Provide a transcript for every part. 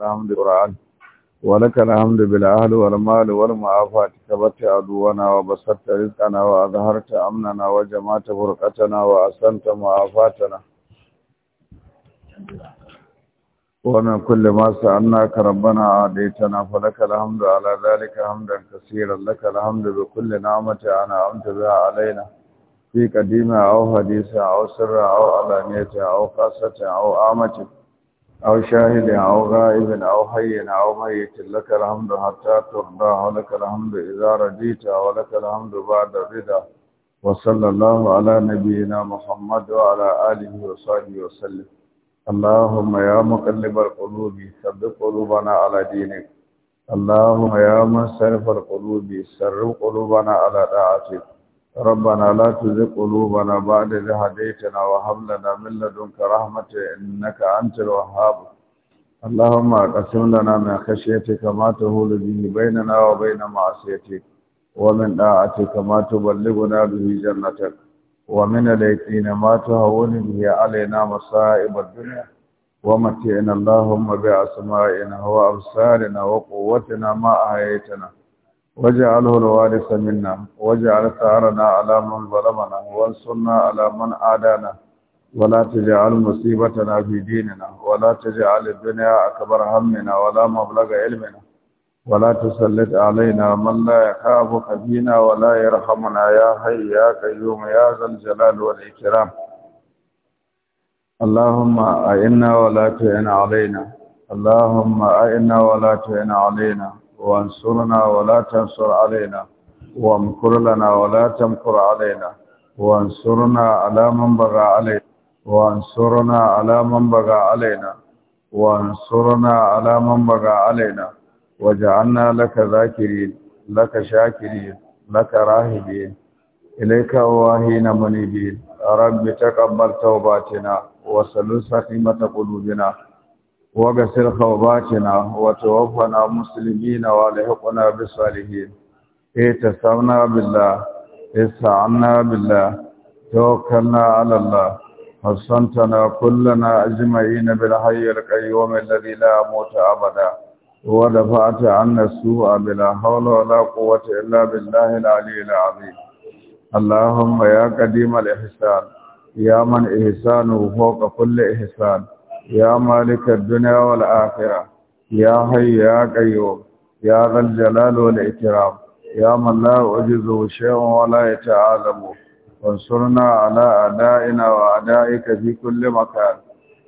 الحمد والقرآن ولك الحمد بالاهل والمال والمعافات كبت عدونا وبسطت رزقنا واظهرت امننا وجمعت فرقتنا واسنت معافاتنا وانا كل ما سألناك ربنا عاديتنا فلك الحمد على ذلك حمدا كثيرا لك الحمد بكل نعمة أنعمت بها علينا في قديمة او حديثة او سرة او علانية او خاصة او عامة أو شاهد أو غائب أو حي أو ميت لك الحمد حتى ترضى ولك الحمد إذا رجيت ولك الحمد بعد الرضا وصلى الله على نبينا محمد وعلى آله وصحبه وسلم اللهم يا مقلب القلوب ثبت قلوبنا على دينك اللهم يا من صرف القلوب سر قلوبنا على طاعتك ربنا لا تزغ قلوبنا بعد إذ هديتنا وهب لنا من لدنك رحمة إنك أنت الوهاب اللهم اقسم لنا من خشيتك ما تهول به بيننا وبين معصيتك ومن طاعتك ما تبلغنا به جنتك ومن اليقين ما تهون به علينا مصائب الدنيا ومتعنا اللهم بأسمائنا وأبصارنا وقوتنا ما أحييتنا واجعله الوارث منا واجعل ثارنا على من ظلمنا وانصرنا على من عادانا ولا تجعل مصيبتنا في ديننا ولا تجعل الدنيا أكبر همنا ولا مبلغ علمنا ولا تسلط علينا من لا يخافك فينا ولا يرحمنا يا حي يا قيوم يا ذا الجلال والإكرام اللهم أئنا ولا تعن علينا اللهم أئنا ولا تعن علينا وانصرنا ولا تنصر علينا وامكر لنا ولا تمكر علينا وانصرنا على من بغى علينا وانصرنا على من بغى علينا وانصرنا على من بغى علينا وجعلنا لك ذاكرين لك شاكرين لك راهبين إليك واهين منيبين رب تقبل توباتنا وسلس خيمة قلوبنا وغسل خوباتنا وتوفنا مسلمين والحقنا بالصالحين اتصلنا بالله استعنا بالله توكلنا على الله حصنتنا كلنا أجمعين بالحي القيوم الذي لا موت أبدا ودفعت عنا السوء بلا حول ولا قوة إلا بالله العلي العظيم اللهم يا قديم الإحسان يا من إحسانه فوق كل إحسان يا مالك الدنيا والآخرة يا حي يا قيوم يا ذا الجلال والإكرام يا من لا أجزه شيء ولا يتعالمه وانصرنا على أدائنا وأدائك في كل مكان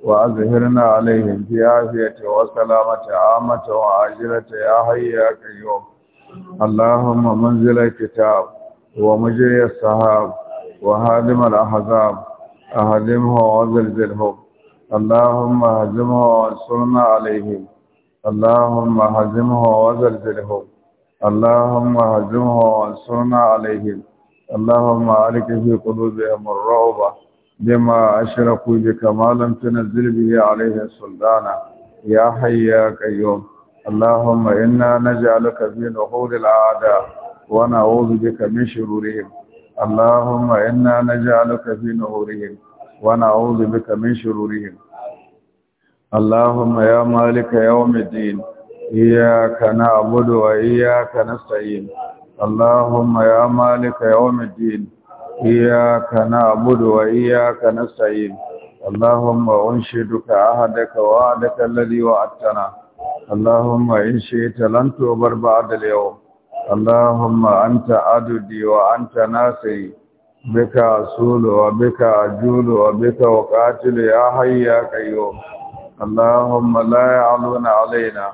وأظهرنا عليهم في آفية وسلامة عامة وعاجلة يا حي يا قيوم اللهم منزل الكتاب ومجري الصحاب وهادم الأحزاب أهدمه وزلزلهم اللهم هزمه وانصرنا عليهم اللهم هزمه وزلزلهم اللهم هزمه وانصرنا عليهم اللهم عليك في قلوبهم الرعب بما أشركوا بك ما لم تنزل به عليهم سلطانا يا حي يا قيوم اللهم إنا نجعلك في نحور الأعداء ونعوذ بك من شرورهم اللهم إنا نجعلك في نحورهم ونعوذ بك من شرورهم اللهم يا مالك يوم الدين إياك نعبد وإياك نستعين اللهم يا مالك يوم الدين إياك نعبد وإياك نستعين اللهم أنشدك عهدك وعدك الذي وعدتنا اللهم إن شئت لن تؤبر بعد اليوم اللهم أنت عددي وأنت ناسي بك أسول وبك أجول وبك وقاتل يا حي يا قيوم اللهم لا يعلون علينا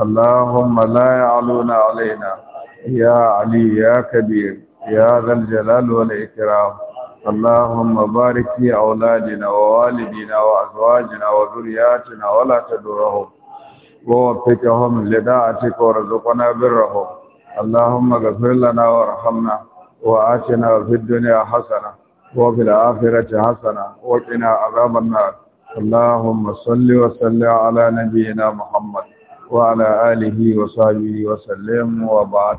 اللهم لا يعلون علينا يا علي يا كبير يا ذا الجلال والإكرام اللهم بارك في أولادنا ووالدينا وأزواجنا وذرياتنا ولا تدرهم ووفقهم لداعتك وارزقنا برهم اللهم اغفر لنا وارحمنا وآتنا في الدنيا حسنة وفي الآخرة حسنة وقنا عذاب النار اللهم صل وسلم على نبينا محمد وعلى آله وصحبه وسلم وبعد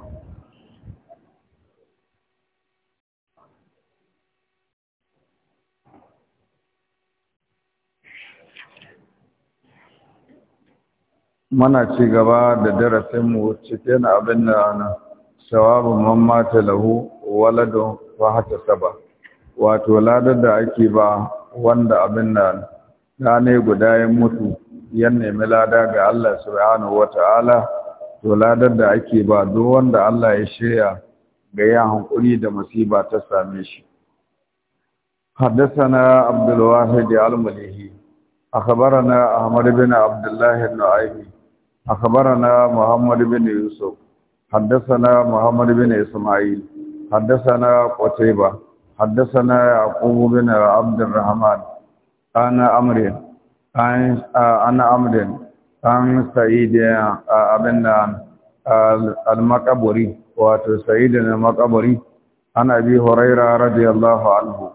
Muna ci gaba da darasinmu cikin abin da sawabu man mata lahu waladun fa hata saba wato ladar da ake ba wanda abin da ne guda ya mutu ya nemi lada ga Allah subhanahu wata'ala to ladar da ake ba duk wanda Allah ya shirya ga ya hankuri da musiba ta same shi حدثنا عبد الواحد المليحي أخبرنا أحمد بن عبد الله النعيمي أخبرنا محمد بن Yusuf. حدثنا محمد بن إسماعيل حدثنا قتيبة حدثنا يعقوب بن عبد الرحمن أنا أمر أنا أمر أم سعيد أبن المقبري واتو سعيد المقبري عن أبي هريرة رضي الله عنه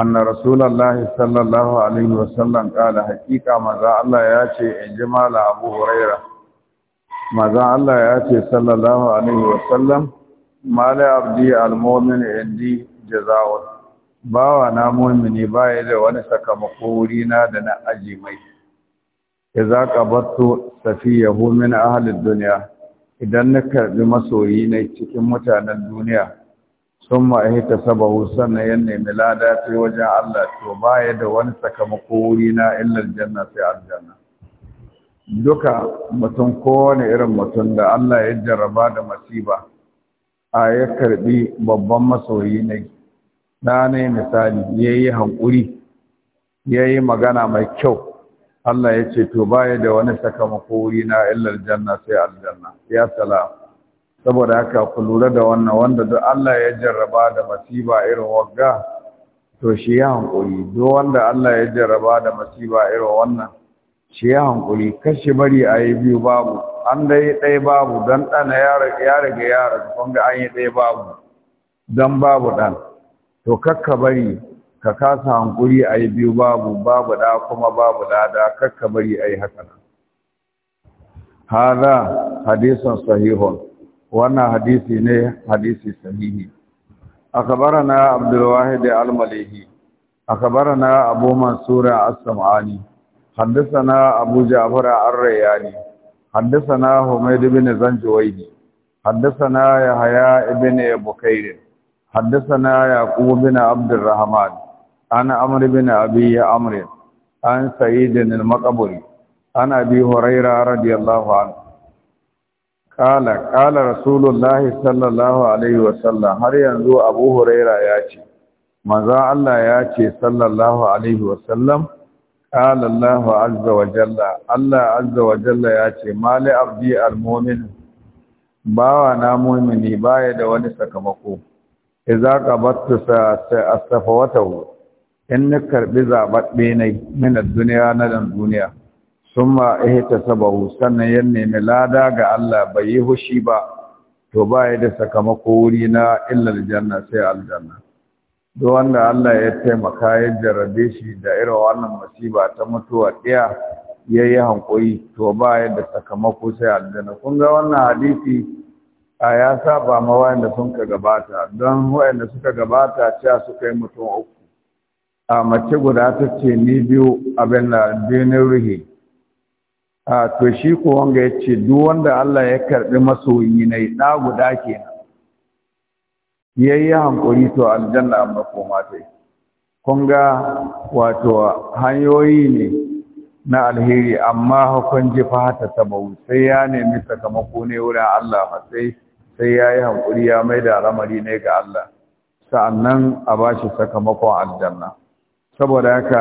أن رسول الله صلى الله عليه وسلم قال حقيقة ماذا الله ياتي إن جمال أبو هريرة maza Allah ya ce sallallahu alaihi wasallam mala abdi almu'min indi jaza'un bawa na mu'mini baya da wani sakamako wuri na da na aji mai idza qabattu safiyahu min ahli dunya idan na karbi masoyi na cikin mutanen duniya sun ma'aita sabahu sannan ya nemi lada ta wajen Allah to baya da wani sakamako wuri na illar janna sai aljanna duka mutum kowane irin mutum da Allah ya jarraba da masiba a ya karbi babban masoyi ne na ne misali ya yi hankuri ya yi magana mai kyau Allah ya ce to baya da wani sakamako wuri na illar janna sai aljanna ya sala saboda haka ku lura da wannan wanda duk Allah ya jaraba da masiba irin wagga to shi ya hankuri duk wanda Allah ya jarraba da masiba irin wannan shi ya hankuli kashi bari a yi biyu babu an yi ɗaya babu don ɗana ya rage yara kun ga an yi ɗaya babu don babu ɗan to kakka bari ka kasa hankuli a yi biyu babu babu ɗa kuma babu ɗa da kakka bari a yi haka nan hada hadisan sahihun wannan hadisi ne hadisi sahihi أخبرنا عبد almalihi akabarana abu mansura منصور samani حدثنا أبو جعفر الرياني حدثنا حميد بن زنجويدي حدثنا يحيى بن بكير حدثنا يعقوب بن عبد الرحمن عن عمرو بن أبي عمرو عن سعيد المقبري عن أبي هريرة رضي الله عنه قال قال رسول الله صلى الله عليه وسلم har yanzu Abu Huraira ya ce manzo Allah ya ce sallallahu alaihi wasallam qala Allahu azza wa jalla Allah azza wa jalla ya ce mali abdi almu'min bawa na mu'mini baya da wani sakamako idza qabattu astafawatahu in na karbi zababbe ne min duniya na dan duniya summa ihtasabahu sannan ya nemi lada ga Allah bai yi hushi ba to ya da sakamako wuri na illa janna sai aljanna duk wanda Allah ya taimaka ya jarrabe shi da irin wannan masiba ta mutuwa ɗaya ya yi hankuri to ba ya da sakamako sai aljanna kun ga wannan hadisi a ya saba ma wayanda sun ka gabata don wayanda suka gabata cewa suka yi mutum uku a mace guda ta ce ni biyu abin da binin ruhi a to shi ko wanga ya ce duk wanda Allah ya karɓi masoyi na yi ɗa guda kenan yayi hankuri to aljanna amma koma tai kun ga wato hanyoyi ne na alheri amma hukun jifa ta tabau sai ya nemi sakamako ne wurin Allah sai sai yayi hankuri ya mai da ramari ne ga Allah sa'annan a shi sakamakon aljanna saboda haka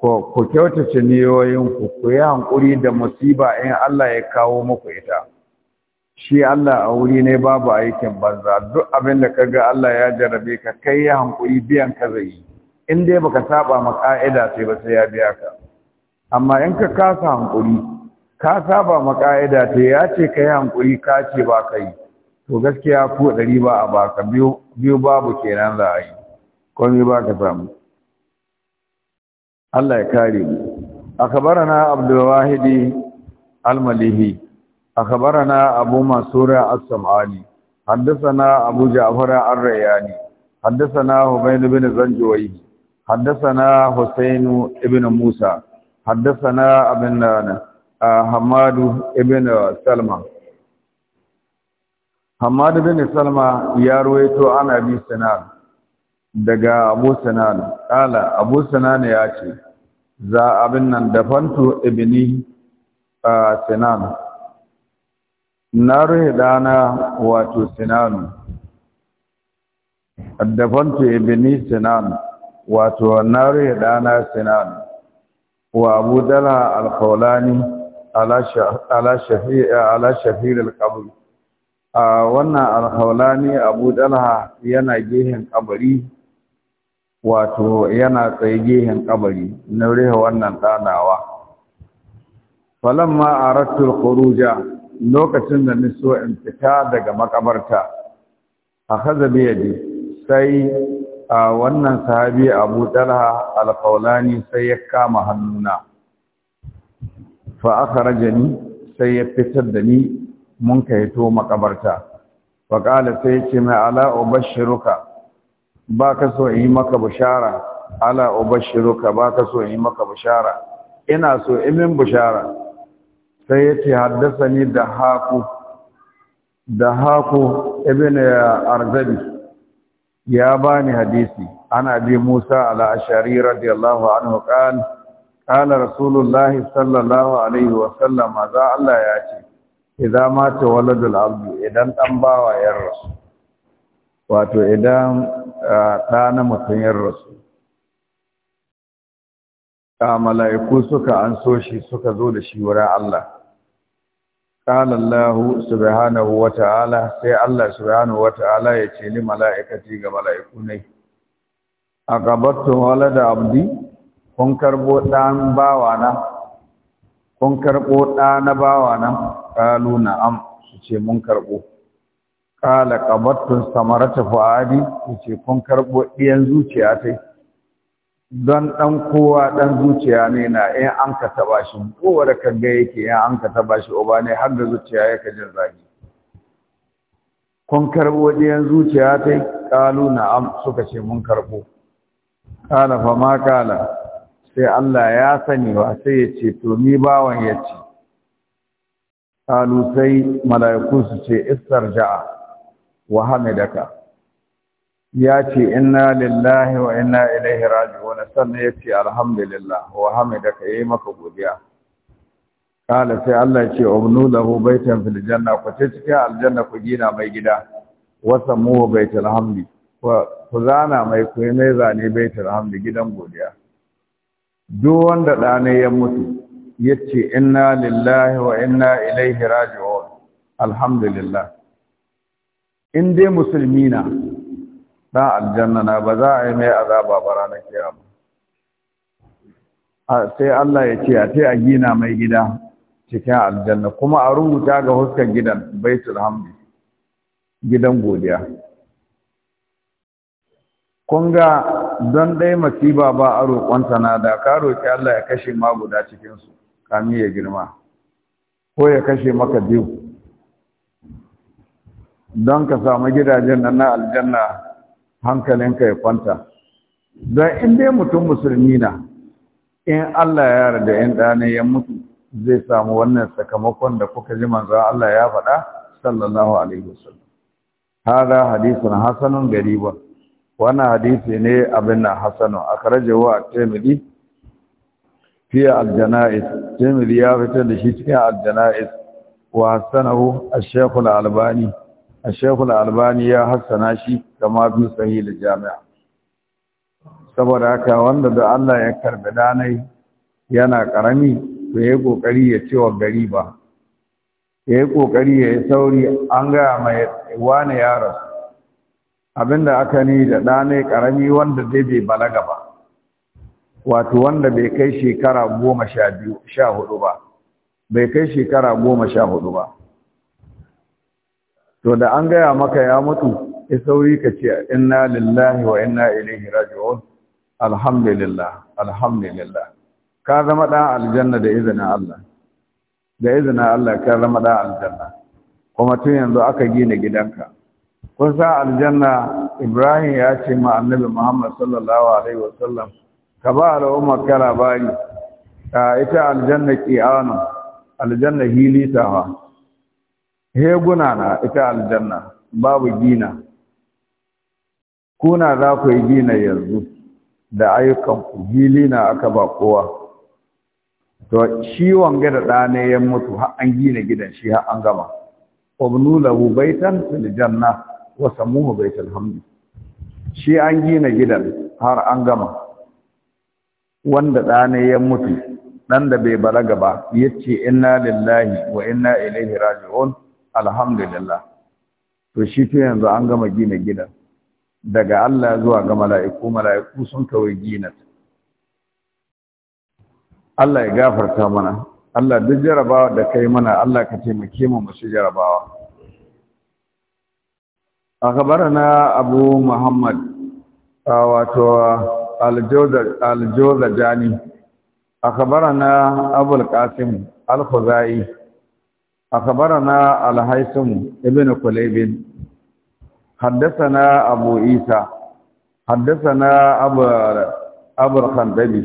ku kyautace niyoyinku ku yi hankuri da musiba in Allah ya kawo muku ita shi Allah a wuri ne babu aikin banza duk abin da kaga Allah ya jarabe ka kai ya hankuri biyan ka zai in dai baka saba ma ka'ida sai ba sai ya biya ka amma in ka kasa hankuri ka saba ma ka'ida ta ya ce kai hankuri ka ce ba kai to gaskiya ko ɗari ba a baka biyu biyu babu kenan za a yi komai ba ka samu Allah ya kare mu akbarana abdul wahidi al-malihi أخبرنا أبو مسورة السمعاني حدثنا أبو جعفر الرياني حدثنا هبين بن زنجوي حدثنا حسين بن موسى حدثنا ابن حماد بن سلمى حماد بن سلمى يا عن أبي سنان daga Abu Sinan kala Abu Sinan ya ce za abin nan dafantu ibni Sinan na ruhe dana wato sinanu addafantu ibni sinan wato na ruhe dana sinan wa abu dala alkaulani ala shafir alkabul a wannan alkaulani abu dala yana gehen kabari wato yana tsaye gehen kabari na ruhe wannan danawa falamma arattul khuruja lokacin da ni so in fita daga makabarta a biya ji sai a wannan sahabi abu talha alfaulani sai ya kama hannuna fa aka ni sai ya fitar da ni mun ka hito makabarta fa kala sai ce mai ala ubashiruka ba ka so in yi maka bishara ala ubashiruka ba ka so in yi maka bishara ina so in bishara sai ya ce haddasa ni da haku da haku ibn arzabi ya bani hadisi ana bi musa ala ashari radiyallahu anhu qala qala rasulullahi sallallahu alaihi wa sallam za Allah ya ce idza mata waladul abdi idan dan bawa ya rasu wato idan da na mutun ya rasu a mala'iku suka anso shi suka zo da shi wurin Allah qala allah subhanahu wa ta'ala sai allah subhanahu wa ta'ala ya ce ni mala'ikati ga mala'iku ne aqabattu da abdi kun ɗan bawa na, kun karɓo ɗa na bawa na, ƙalu na'am su ce mun karɓo ƙala ƙabattun samarata fa'adi su ce kun karɓo ɗiyan zuciya ta don ɗan kowa ɗan zuciya ne na ‘yan an ka taba shi kowa da yake ‘yan an ka taba shi uba ne har da zuciya ya ka jin zagi kun karɓo ɗiyan zuciya ta ƙalu am suka ce mun karɓo ƙala fa ma ƙala sai Allah ya sani wa sai ya ce to ni bawan ya ce ƙalu sai mala'iku su ce istar ja'a wa hamidaka ya ce inna lillahi wa inna ilaihi raji'un sannan ya ce alhamdulillah wa hamidaka yayi maka godiya kala sai Allah ya ce umnu lahu baitan fil janna ku ce cikin aljanna ku gina mai gida wa samu baitul hamdi ku zana mai ku mai zane baitul hamdi gidan godiya duk wanda ɗane ya mutu ya ce inna lillahi wa inna ilaihi raji'un alhamdulillah in dai musulmi na dan aljanna na ba za a yi mai azaba ba ranar kiyama sai Allah ya ce a ce a gina mai gida cikin aljanna kuma a rubuta ga huskar gidan baitul hamdi gidan godiya kun ga don ɗaya masiba ba a roƙonta na da ka roƙi Allah ya kashe ma guda cikinsu kami ya girma ko ya kashe maka biyu don ka samu gidajen nan na aljanna hankalinka ya kwanta don in dai mutum musulmi na in Allah ya yarda in ɗane ya mutu zai samu wannan sakamakon da kuka ji manzo Allah ya faɗa sallallahu alaihi wasallam hada hadisun Hassanun gariba wannan hadisi ne abin na Hassanun a at-Tirmidhi fi al-Janaiz Tirmidhi ya fitar da shi cikin al-Janaiz wa hasanahu ash-Shaykh al-Albani al wa albani a shekul albani ya hassana shi kama fi sahih jami'a saboda haka wanda da Allah ya karbi danai yana karami to yayi kokari ya ce wa gari ba yayi kokari ya sauri an ga mai wani yaro abinda aka ni da danai karami wanda zai bai balaga ba wato wanda bai kai shekara goma sha biyu sha hudu ba bai kai shekara goma sha hudu ba to da an gaya maka ya mutu ya sauri ka ce inna lillahi wa inna ilaihi raji'un alhamdulillah alhamdulillah ka zama ɗan aljanna da izinin Allah da izinin Allah ka zama ɗan aljanna kuma tun yanzu aka gina gidanka kun sa aljanna Ibrahim ya ce ma annabi Muhammad sallallahu alaihi sallam ka ba al'ummar ka ita aljanna ki'anu aljanna hilitawa heguna na ita aljanna babu gina kuna za ku yi gina yanzu da ayyukan ku gili na aka ba kowa to shi wanga da ɗane ya mutu har an gina gidan shi har an gama wabnu lahu baitan fil janna wa samuhu baitul hamd shi an gina gidan har an gama wanda ɗane ya mutu ɗan da bai balaga ba yace inna lillahi wa inna ilaihi raji'un alhamdulillah to shi ta yanzu an gama gina gidan daga Allah zuwa ga mala'iku mala'iku sun kawai gina Allah ya gafarta mana Allah duk jarabawa da kai mana Allah ka taimake mu masu jarabawa na abu muhammad wato al da jani. jawza na abul qasim al أخبرنا الهيثم ابن قليب حدثنا أبو عيسى حدثنا أبو أبو الخندبي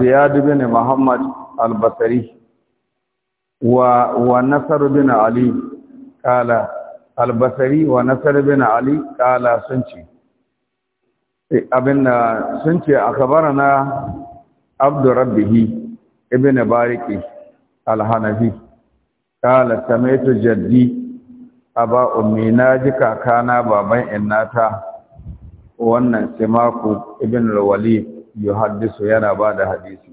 زياد بن محمد البصري ونصر بن علي قال البصري ونصر بن علي قال سنتي abin sun ce a kabara na abdurrabbihi ibn bariki alhanafi kala samaitu jaddi aba ummi ji kakana baban innata wannan simaku ibn al-walid yuhaddisu yana ba da hadisi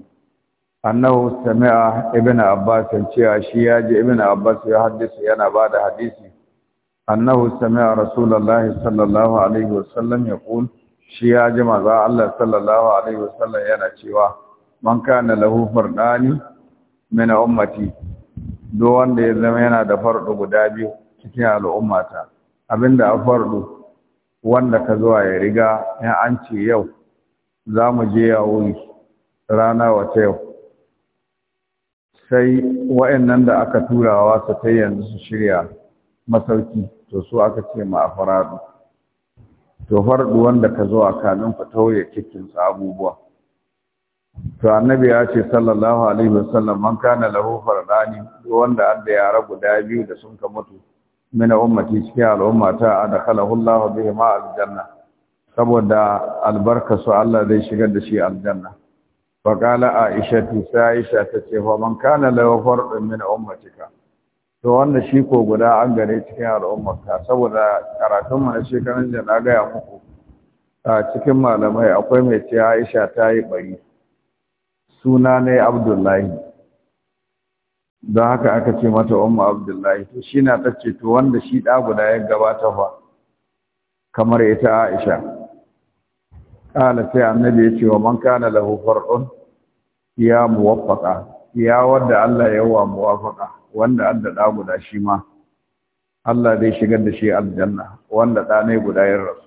annahu sami'a ibn abbas cewa shi ya ji ibn abbas ya haddisu yana da hadisi annahu sami'a rasulullahi sallallahu alaihi wasallam kun shi ya ji maza Allah sallallahu alaihi wasallam yana cewa man kana lahu fardani min ummati duk wanda ya zama yana da fardu guda biyu cikin al'ummata abinda a fardu wanda ka zuwa ya riga ya an ce yau za mu je ya wuri rana wata yau sai wa'annan da aka turawa su ta yanzu su shirya masauki to su aka ce ma a faradu to fardu wanda ka zuwa kamin ka tauye cikin abubuwa to annabi ya ce sallallahu alaihi wasallam man kana lahu fardani wanda adda yara guda biyu da sun ka mutu min ummati cikin al'umma ta adkhalahu Allah bihi ma aljanna saboda albarka su Allah zai shigar da shi aljanna fa qala Aisha ta Aisha ta ce wa man kana lahu fardun min ummatika to wanda shi ko guda an gare cikin al'ummarka saboda karatun mu na shekaran da na ga muku a cikin malamai akwai mai ce Aisha ta yi bari suna ne abdullahi don haka aka ce mata ummu abdullahi to shi na ta ce to wanda shi ɗa guda ya gabata fa kamar ita aisha ƙala sai annabi ya ce wa man kana lahu far'un ya muwaffaqa ya wanda Allah ya wa muwaffaqa wanda adda ɗa guda shi ma Allah zai shigar da shi aljanna wanda ɗa ne guda ya rasu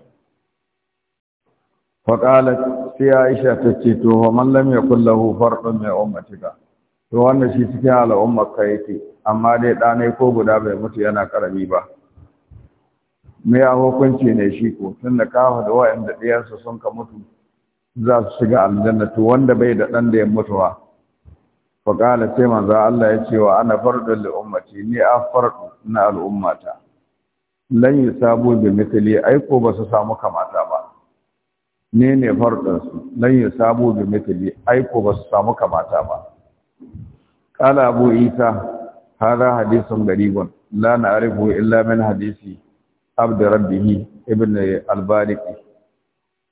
faƙalat sai aisha ta ce to wa man lam yakul lahu fardun min ummatika to wannan shi cikin al'ummar ka yake amma dai ɗanai ko guda bai mutu yana karami ba Me ya hukunci ne shi ko tun da kawo da wa'anda ɗiyarsa sun ka mutu za su shiga aljanna wanda bai da ɗan da ya mutuwa fa qala sai manzo Allah ya ce wa ana fardul li ummati ni a fardu na al'ummata lan yusabu bi mithli ai ko ba su samu kamata ba ne ne farɗinsu don yi sabo da mitali aiko ba su samu kamata ba ƙala abu isa hada hadisun garibun la na arifu illa min hadisi abdurrabbihi ibn albariki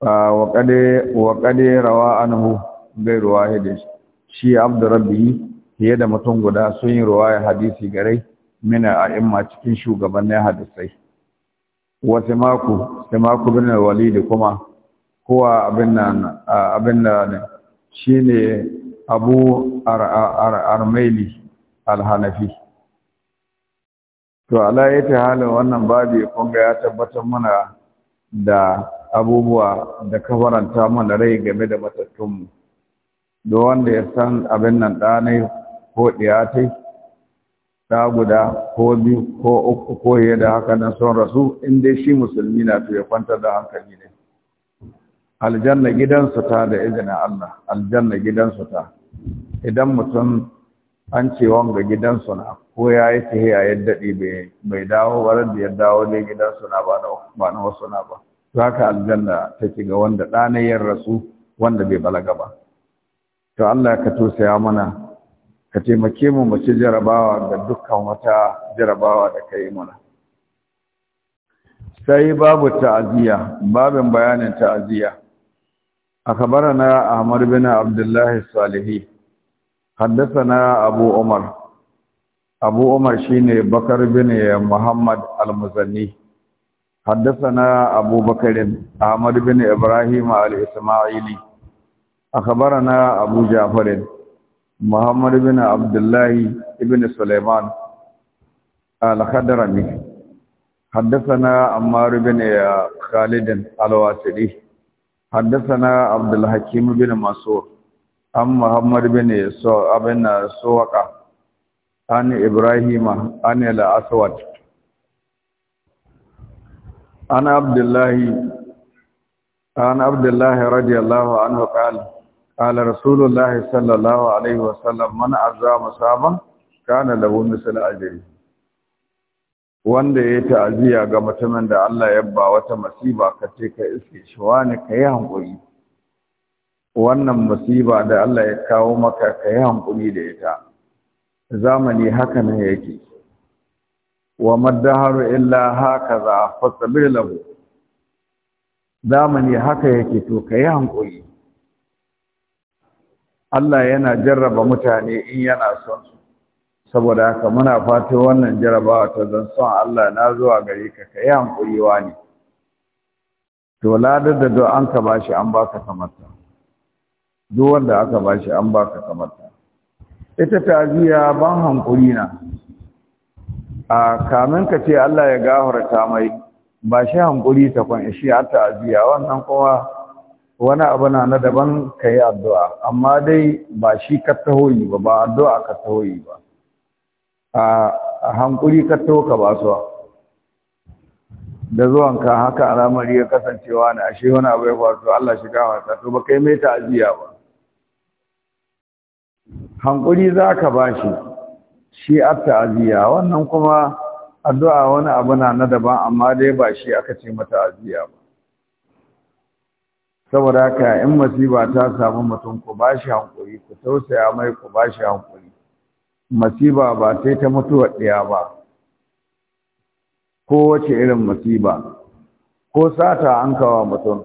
wa ƙade rawa anhu bai ruwa hidin shi abdurrabbihi fiye da mutum guda sun yi ya hadisi garai mina a imma cikin shugabannin hadisai wa simaku bin walidi kuma kowa abin da ne shi ne abu armeli alhanafi to ala ya ta halin wannan babi kunga ya tabbatar mana da abubuwa da kafaranta mana rai game da matattunmu da wanda ya san abin nan ɗanai ko ɗiyatai ta guda ko biyu ko uku ko da haka nan son rasu in dai shi musulmi na to ya kwantar da hankali ne aljanna gidansu ta da izinin Allah aljanna gidansu ta idan mutum an ce wanga gidansu na ko ya yi tahiya ya daɗe bai dawo ba da ya dawo ne gidansu na ba na wasu na ba to haka aljanna ta ga wanda ɗanayen rasu wanda bai balaga ba to Allah ka tosaya mana ka taimake mu mace jarabawa ga dukkan wata jarabawa da ka yi mana sai babu ta'aziyya babin bayanin ta'aziyya أخبرنا أحمد بن عبد الله الصالحي حدثنا أبو عمر أبو عمر شيني بكر بن محمد المزني حدثنا أبو بكر أحمد بن إبراهيم الإسماعيلي أخبرنا أبو جعفر محمد بن عبد الله بن سليمان الخدرمي حدثنا عمار بن خالد الواسلي حدثنا عبد الحكيم بن مسعود عن محمد بن سو ابن سوقه عن ابراهيم عن الاسود عن عبد الله عن عبد الله رضي الله عنه قال قال رسول الله صلى الله عليه وسلم من عزى مصابا كان له مثل اجره wanda ya ta'aziyya ga mutumin da Allah ya ba wata masiba ka ce ka iske shi wani ka yi hankuri wannan masiba da Allah ya kawo maka ka yi hankuri da ita zamani haka nan yake wa maddaharu illa a fastabir lahu zamani haka yake to ka yi hankuri Allah yana jarraba mutane in yana son su saboda haka muna fatan wannan jarabawa ta zan son Allah na zuwa gare ka ka yi hankuri ne to lada da do an ka bashi an baka kamarta duk wanda aka bashi an baka ita taziya ban hankuri na a kamin ka ce Allah ya gafarta mai ba shi hankuri ta kwan shi a ta'aziyya wannan kowa wani abu na na daban ka yi addu'a amma dai ba shi ka tahoyi ba ba addu'a ka tahoyi ba a hankuri ka toka ba basuwa da zuwan ka haka al'amari ya kasancewa na ashe wani abu ya faru Allah shi gawa ta to ba kai mai ta'aziya ba hankuri za ka bashi shi a ta'aziya wannan kuma addu'a wani abu na na daban amma dai ba shi aka ce mata ajiya ba saboda haka in masiba ta samu mutum ku ba shi hankuri ku tausaya mai ku ba shi masiba ba sai ta mutuwa ɗaya ba kowace irin masiba ko sata an kawo mutum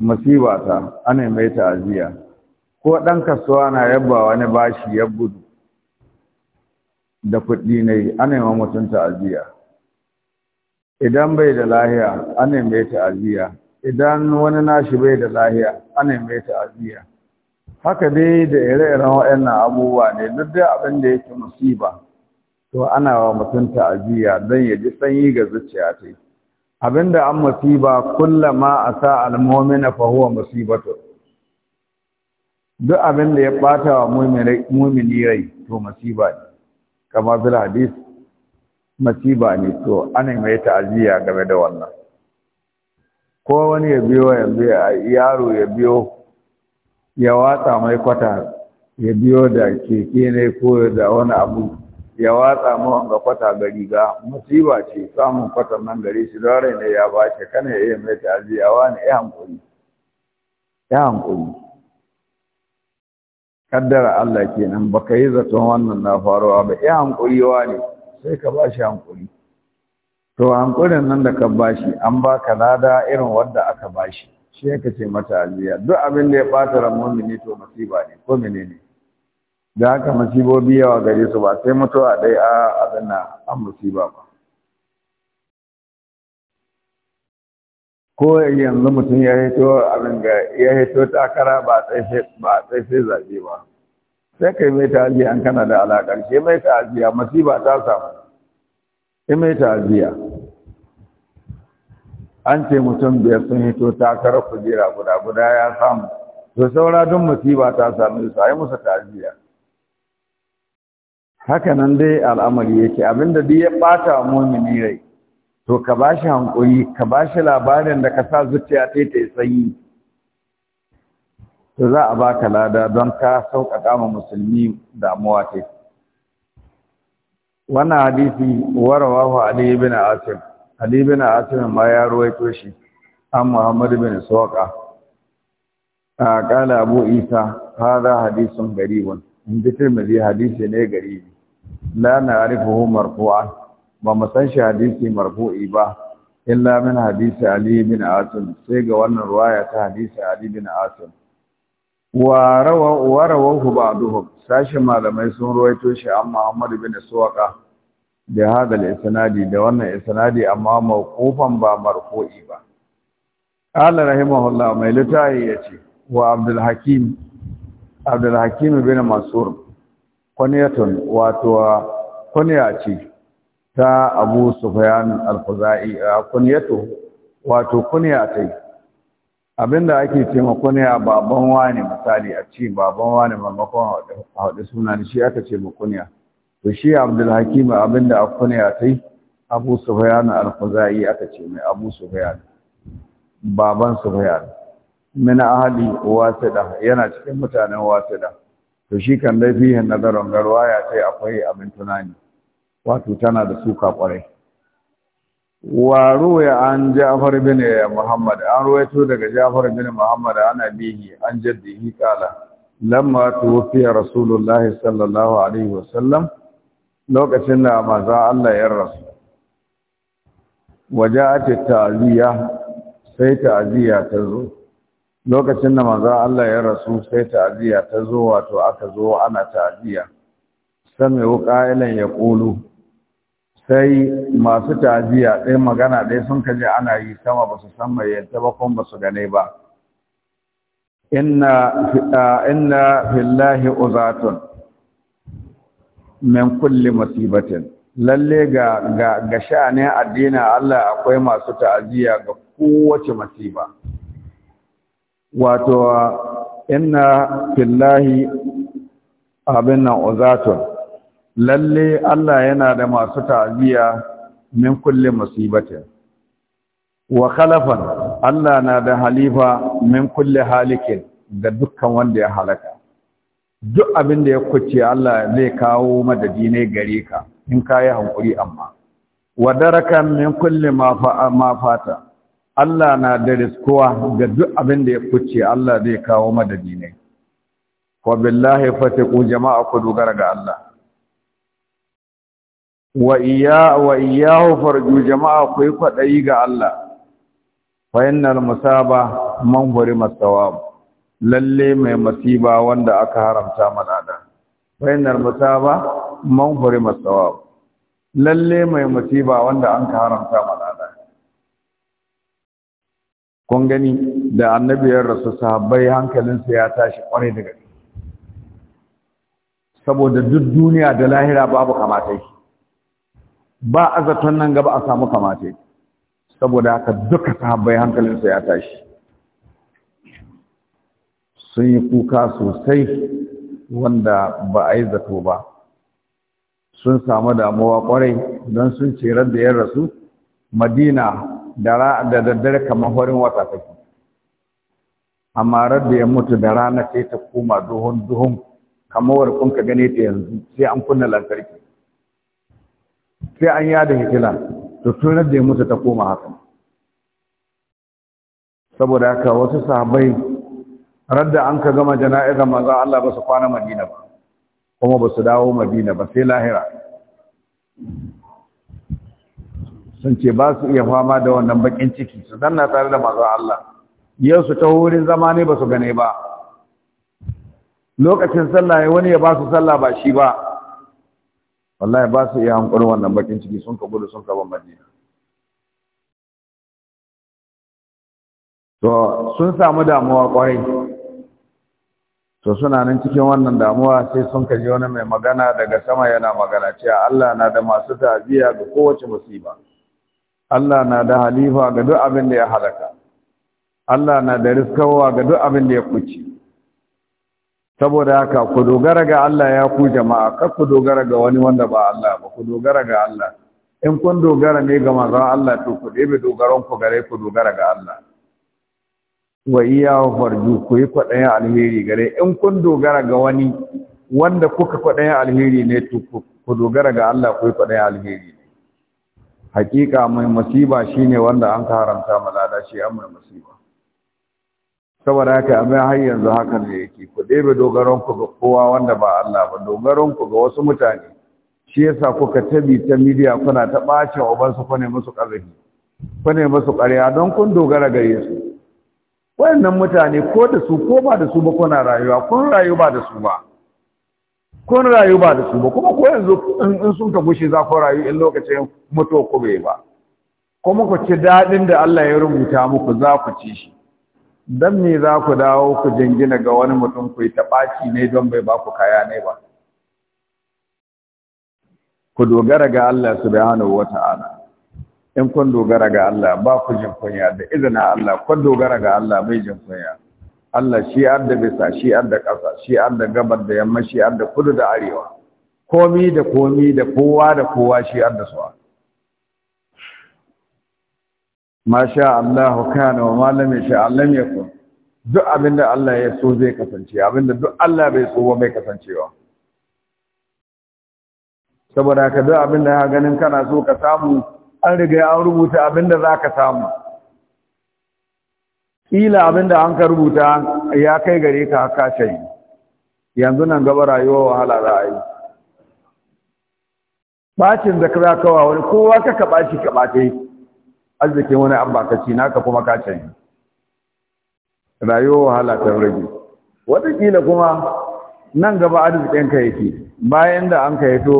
masiba ta ana mai ko ɗan kasuwa na yabba wani bashi ya gudu da kuɗi ne ana yi mutum ta'aziya. idan bai da lahiya ana mai ta'aziya. idan wani nashi bai da lahiya ana mai ta'aziya. haka dai da ire-iren waɗannan abubuwa ne duk da abin da yake musiba to ana wa mutum ta'aziyya don ya ji sanyi ga zuciya ta abin da an musiba kullama a sa almomina fa huwa musibatu duk abin da ya ɓata wa mumini rai to musiba ne kama zira hadis musiba ne to ana mai ta'aziyya game da wannan ko wani ya biyo yanzu, yaro ya biyo ya watsa mai kwata ya biyo da keke ne ko da wani abu ya watsa mawan ga kwata ga riga musiba ce samun kwatar nan gare shi don ne ya ba shi. kana ya eh, yi mai ya wani ya hankuri ya eh, hankuri kaddara Allah kenan baka yi zaton wannan na faruwa ba ya eh, hankuri wani sai ka bashi hankuri to hankulin nan da ka bashi an baka lada irin wanda aka bashi shi yake ce mata albiya duk abin da ya bata ran mu'mini to masiba ne ko menene da haka masibobi yawa gare su ba sai mutuwa dai a abin na an musiba ba ko yanzu mutum ya hito abin ga ya hito takara ba sai sai zaɓe ba sai kai mai ta'aziyya an kana da alaƙar shi mai ta'aziyya masiba ta samu mai an ce mutum biyar sun hito takarar kujera guda guda ya samu to saura don musiba ta samu su a yi musu ta'aziyya haka nan dai al'amari yake da duk ya ɓata wa mumini rai to ka ba shi hankuri ka ba shi labarin da ka sa zuciya ta ta sanyi to za a ba ka lada don ka sauƙaƙa ma musulmi damuwa ta wannan hadisi wa ali ibn asim Ali bin Asim ma ya ruwaito shi an Muhammad bin A kala Abu Isa hada hadithun garibun in mu Tirmidhi hadisi ne garibi la na'rifuhu marfu'an ba mu san shi hadisi marfu'i ba illa min hadisi Ali bin Asim sai ga wannan ruwaya ta hadisi Ali bin Asim wa rawahu ba'duhum sashi malamai sun ruwaito shi an Muhammad bin Sawqa da hadal isnadi da wannan isnadi amma mawqufan ba marfu'i ba qala rahimahullah mai litai yace wa abdul hakim abdul hakim bin mansur kunyatun wato kunya ce ta abu sufyan al-khuzai kunyatu wato kunya ta abinda ake ce ma kunya baban wani misali a ce baban wani mamakon haɗe sunan shi aka ce ma kunya to shi abdulhakim abinda akwai ya tai abu sufyan al-khuzai aka ce mai abu sufyan baban sufyan min ahli wasida yana cikin mutanen wasida to shi kan dai fihi nazarin garwa ya tai akwai abin tunani wato tana da suka kwarai wa ruwaya an Ja'far bin Muhammad an ruwayo daga Ja'far bin Muhammad ana bihi an jaddihi kala lamma tuwfiya Rasulullahi sallallahu alaihi wasallam lokacin da maza Allah ya rasu Waje ce ta'ziya sai ta'ziya ta zo lokacin da maza Allah ya rasu sai ta'ziya ta zo wato aka zo ana ta'ziya sami ya ƙulu sai masu ta'ziya ɗaya magana ɗaya sun kaji ana yi sama ba su san mai yanta ba kuma ba su gane ba inna inna fillahi uzatun min kulli musibatin lalle ga ga ga sha'anin addinin Allah akwai masu ta'aziya ga kowace masiba wato inna fillahi abin uzatu Lallai lalle Allah yana da masu ta'aziya min kulli musibatin wa khalafan Allah na da halifa min kulli halikin da dukkan wanda ya halaka duk abin da ya kuce Allah zai kawo madadi ne gare ka in ka yi hankuri amma wadarakan min kulli ma fata Allah na da riskuwa ga duk abin da ya kuce Allah zai kawo madadi ne wa billahi fatiqu jama'a ku dogara ga Allah wa iya wa iyahu farju jama'a ku yi kwadayi ga Allah fa innal musaba man hurima lalle mai masiba wanda aka haramta mana da bayanar masaba man hore masawab lalle mai masiba wanda an ka haramta mana da kun gani da annabiyar rasu sahabbai hankalinsa ya tashi kwarai daga saboda duk duniya da lahira babu kamata shi, ba azaton nan gaba a samu kamata, saboda haka duka sahabbai hankalinsa ya tashi sun yi kuka sosai wanda ba a yi zato ba sun samu damuwa kwarai don sun ce da ya rasu madina da daddare kamar horin wata take amma da ya mutu da rana sai ta koma duhun duhun kamar kun ka gane ta yanzu sai an kunna lantarki sai an yada hitila to tun da ya mutu ta koma haka saboda haka wasu sahabai radda an ka gama jana'izar manzon Allah ba su kwana Madina ba kuma ba su dawo Madina ba sai lahira sun ce ba su iya fama da wannan bakin ciki su danna tare da manzon Allah yau su ta wurin zama ne ba su gane ba lokacin sallah ya wani ya ba su sallah ba shi ba wallahi ba su iya hankulin wannan bakin ciki sun ka gudu sun ka ban Madina to sun samu damuwa kwarai to suna nan cikin wannan damuwa sai sun kaji wani mai magana daga sama yana magana cewa Allah na da masu ta'aziyya ga kowace musiba Allah na da halifa ga duk abin da ya halaka Allah na da riskawa ga duk abin da ya kuci saboda haka ku dogara ga Allah ya ku jama'a kar ku dogara ga wani wanda ba Allah ba ku dogara ga Allah in kun dogara ne ga manzon Allah to ku ɗebe dogaron ku gare ku dogara ga Allah wa iya farju ku yi kwaɗayin alheri gare in kun dogara ga wani wanda kuka kwaɗayen alheri ne to ku dogara ga Allah ku yi kwaɗayin alheri ne hakika mai musiba shine wanda an ka haramta malada shi an mai musiba saboda haka amma har yanzu haka ne yake ku ɗebe dogaron ku ga kowa wanda ba Allah ba dogaron ku ga wasu mutane shi yasa kuka tabi ta midiya kuna ta ɓace uban su kone musu ƙarfi kone musu ƙarya don kun dogara gare su wayannan mutane ko da su ko ba da su ba kuna rayuwa kun rayu ba da su ba kun rayu ba da su ba kuma ko yanzu in sun ka gushe za ku rayu in lokacin mutuwa ku bai ba kuma ku ci daɗin da Allah ya rubuta muku za ku ci shi dan me za ku dawo ku jingina ga wani mutum ku yi taɓaci ne don bai ba ku kaya ne ba ku dogara ga Allah subhanahu wata'ala in kun dogara ga Allah ba ku jin kunya da izina Allah kun dogara ga Allah bai jin kunya Allah shi adda bisa shi adda ƙasa shi adda gabar da yamma shi adda kudu da arewa komi da komi da kowa da kowa shi adda suwa. Masha Allah kana wa ma lam Allah lam ku duk abinda Allah ya so zai kasance abinda duk Allah bai so ba bai kasancewa saboda ka duk abinda ya ganin kana so ka samu an riga ya rubuta abinda za ka samu ƙila abinda an ka rubuta ya kai gare ka haka shayi yanzu nan gaba rayuwa wahala za a yi bacin da ka za ka wani kowa ka ka baci ka bace arzikin wani an bakaci naka kuma ka shayi rayuwa wahala ta rage wataƙila kuma nan gaba arzikin ka yake bayan da an ka yato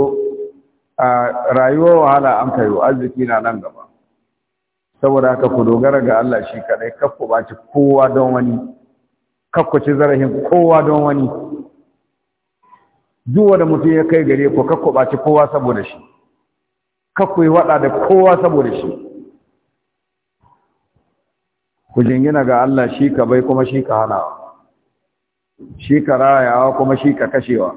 a rayuwa wahala an kayo arziki na nan gaba saboda haka ku dogara ga Allah shi kadai kar ku baci kowa don wani kar ku ci zarafin kowa don wani duk wanda mutum ya kai gare ku kar ku baci kowa saboda shi kar ku yi wada da kowa saboda shi ku jingina ga Allah shi ka bai kuma shi ka hanawa shi ka rayawa kuma shi ka kashewa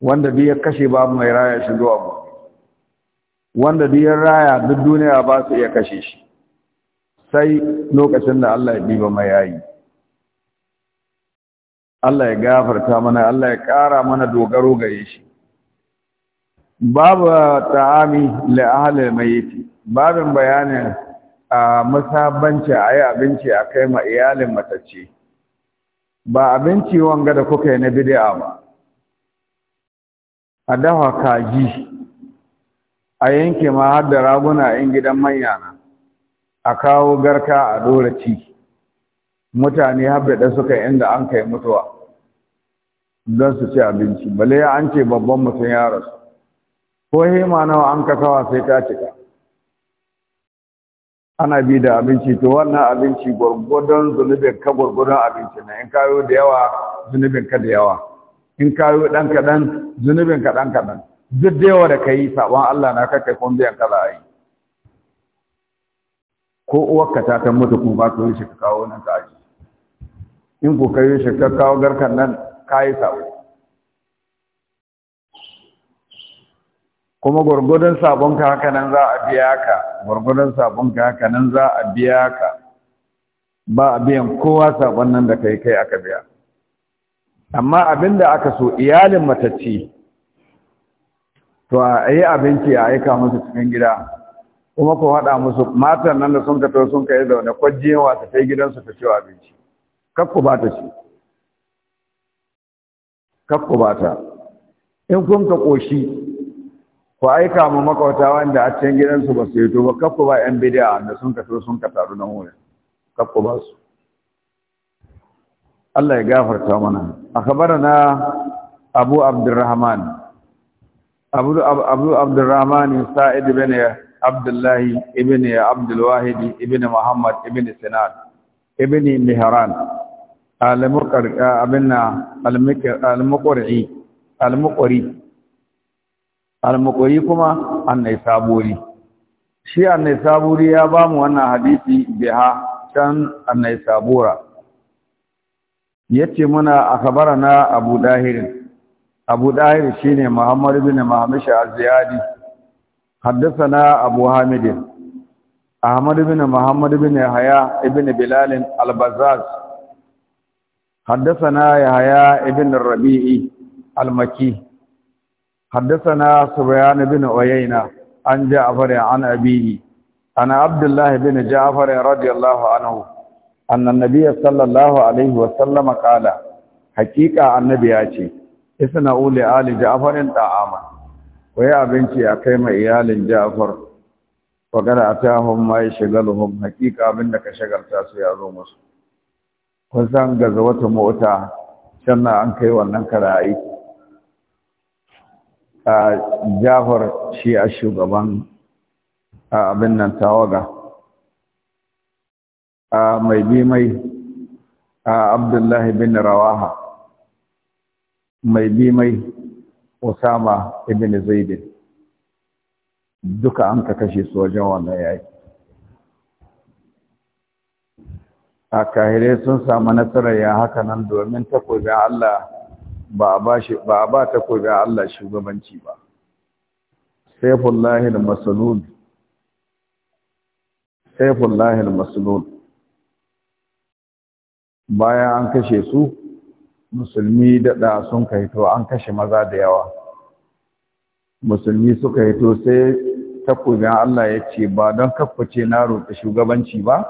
wanda duk ya kashe babu mai raya shi zuwa gobe wanda duk ya raya duk duniya ba su iya kashe shi sai lokacin da Allah ya diba mai yayi Allah ya gafarta mana Allah ya kara mana dogaro ga shi babu ta'ami li ahli mayiti babin bayanin a musabanci ayi abinci a kai ma iyalin matacce ba abinci wanga da kuka yi na bid'a ba a dawa kaji a yanke ma har da raguna in gidan manya na a kawo garka a dora ci mutane habbaɗa suka inda an kai mutuwa don su ci abinci bale an ce babban mutum ya rasu ko hema nawa an kasawa sai ta cika ana bi da abinci to wannan abinci gwargwadon zunubin ka gwargwadon abinci na in kayo da yawa zunubin ka da yawa in kayo ɗan kaɗan, zunubin ka kaɗan duk da yawa da ka yi sabon Allah na kai kun biyan a yi ko uwarka ta ta mutu kuma ba ka yi shi ka kawo nan ka aji in ko kayo shi ka kawo garkan nan ka yi saɓo kuma gwargwadon sabonka haka nan za a biya ka gwargwadon sabonka haka nan za a biya ka ba a biyan kowa sabon nan da ka yi kai aka biya amma abinda aka so iyalin matacce to a yi abinci a aika musu cikin gida kuma ku haɗa musu matan nan da sun ka to sun ka yi zaune kwajiyewa ta kai gidansu ta cewa abinci kakku ba ta ce kakku ba ta in kun ka ƙoshi ku aika mu makauta wanda a cikin gidansu ba su yi to ba kakku ba yan bidiya da sun ka to sun ka taru nan wurin kakku ba su Allah ya gafarta mana A akhbarana Abu Abdurrahman Abu Abu Abdurrahman Sa'id ibn Abdullah ibn Abdul Wahid ibn Muhammad ibn Sinan ibn Mihran al-Muqri uh, abinna al-Muqri al-Muqri al-Muqri kuma annai saburi shi annai saburi ya bamu wannan hadisi biha can annai sabura yace muna akhbarana abu dahir abu dahir shine muhammad ibn mahmish az-ziyadi haddathana abu hamid ahmad ibn muhammad ibn haya ibn bilal al-bazzaz حدثنا يحيى ابن الربيعي المكي حدثنا سبيان بن عيينة عن جعفر عن أبيه عن عبد الله بن جعفر رضي الله عنه annan nabiya sallallahu alaihi wasallama kala hakika annabi ya ce isna uli ali ja'farin ta'ama ko Wai abinci a kai ma iyalin ja'far wa kada atahum ma yashghaluhum hakika abinda ka shagalta su ya zo masu. kun san gaza wata mota sannan an kai wannan karayi a ja'far shi a shugaban abin nan tawaga a mai bi mai abdullahi bin rawaha mai bi mai usama ibn zaidin duka an ka kashe su wajen wannan yaki a kahire sun samu nasarar ya haka nan domin takobin Allah ba a ba takobin Allah shugabanci ba saifullahi al-masulun saifullahi bayan an kashe su musulmi daɗa sun ka hito an kashe maza da yawa musulmi suka hito sai takobin Allah ya ce ba don kakwace na roƙi shugabanci ba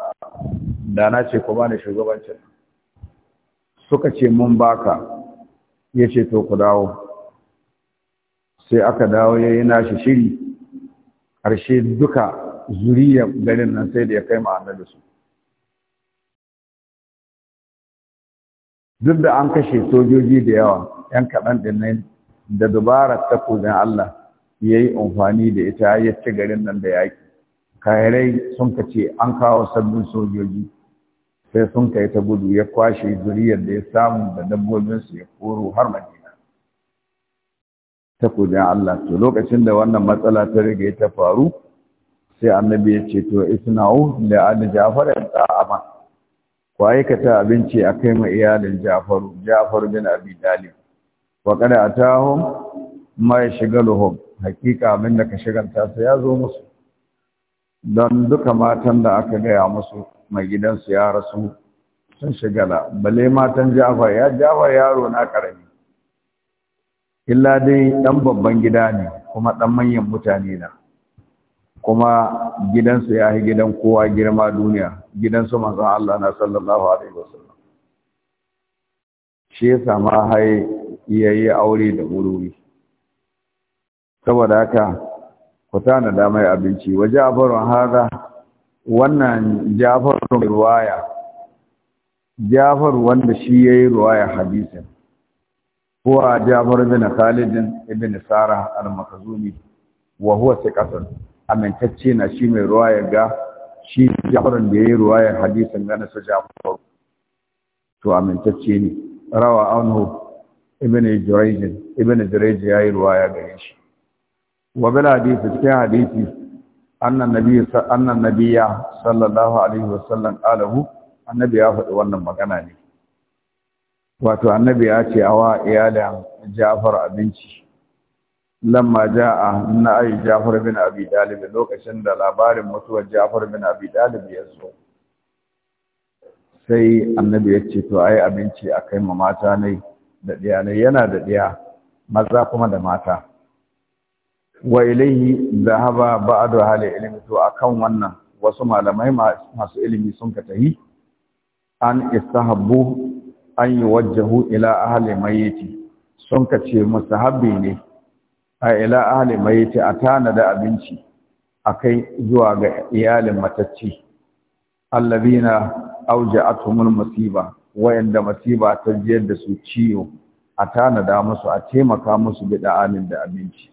da na ce ku bani shugabancin suka ce mun baka ya ce to ku dawo sai aka dawo ya yi nashi shiri ƙarshe duka zuriya garin nan sai da ya kai ma'anar da su duk da an kashe sojoji da yawa yan kaɗan ɗin nan da ta takobin Allah ya yi amfani da ita ya ci garin nan da yaƙi kayarai sun ka ce an kawo sabbin sojoji sai sun ka ta gudu ya kwashe zuriyar da ya samu da dabbobinsu ya koro har madina takobin Allah to lokacin da wannan matsala ta rage ta faru sai annabi ya ce to isna'u da ali jafar da ta'ama ku aikata abinci a kai ma iyalin Ja'faru Ja'far bin Abi Talib a kada atahum ma yashghaluhum hakika abin da ka shagalta su ya zo musu don duka matan da aka gaya musu mai gidansu ya rasu sun shigala bale matan Ja'far ya Ja'far yaro na karami illa dai dan babban gida ne kuma dan manyan mutane na kuma gidansu ya yi gidan kowa girma duniya gidan su manzon Allah na sallallahu alaihi wasallam shi yasa ma hai yi aure da wuri saboda haka ku tana da mai abinci wa Ja'farun haza wannan Ja'farun ruwaya, Ja'far wanda shi ya yayi riwaya hadisin ibn Sara al خالد wa huwa المخزومي وهو amintacce na shi mai ruwaya ga. shi jafarin da ya yi ruwayar hadisin gane su jafaru to amintacce ne rawa anhu ibn jurayjin ibn jurayj ya yi ruwaya gare shi wa bil hadisi cikin hadisi annan na biya nabiya sallallahu alaihi wasallam alamu, annabi ya faɗi wannan magana ne wato annabi ya ce awa iyalan jafar abinci lamma ja'a na ai Ja'far bin Abi Talib lokacin da labarin mutuwar Ja'far bin Abi Talib ya zo sai annabi ya ce to ai abinci a kai ma mata ne da ɗiya ne yana da ɗiya maza kuma da mata wa da zahaba ba'du hali ilmi to akan wannan wasu malamai masu ilimi sun ka tahi an istahabbu an yuwajjahu ila ahli mayyiti sun ka ce mustahabbi ne a ila ahli mayiti a tanada abinci a kai zuwa ga iyalin matacci na allazina auja'atuhumul musiba wayanda masiba ta jiyar da su ciwo a tanada musu a taimaka musu bi amin da abinci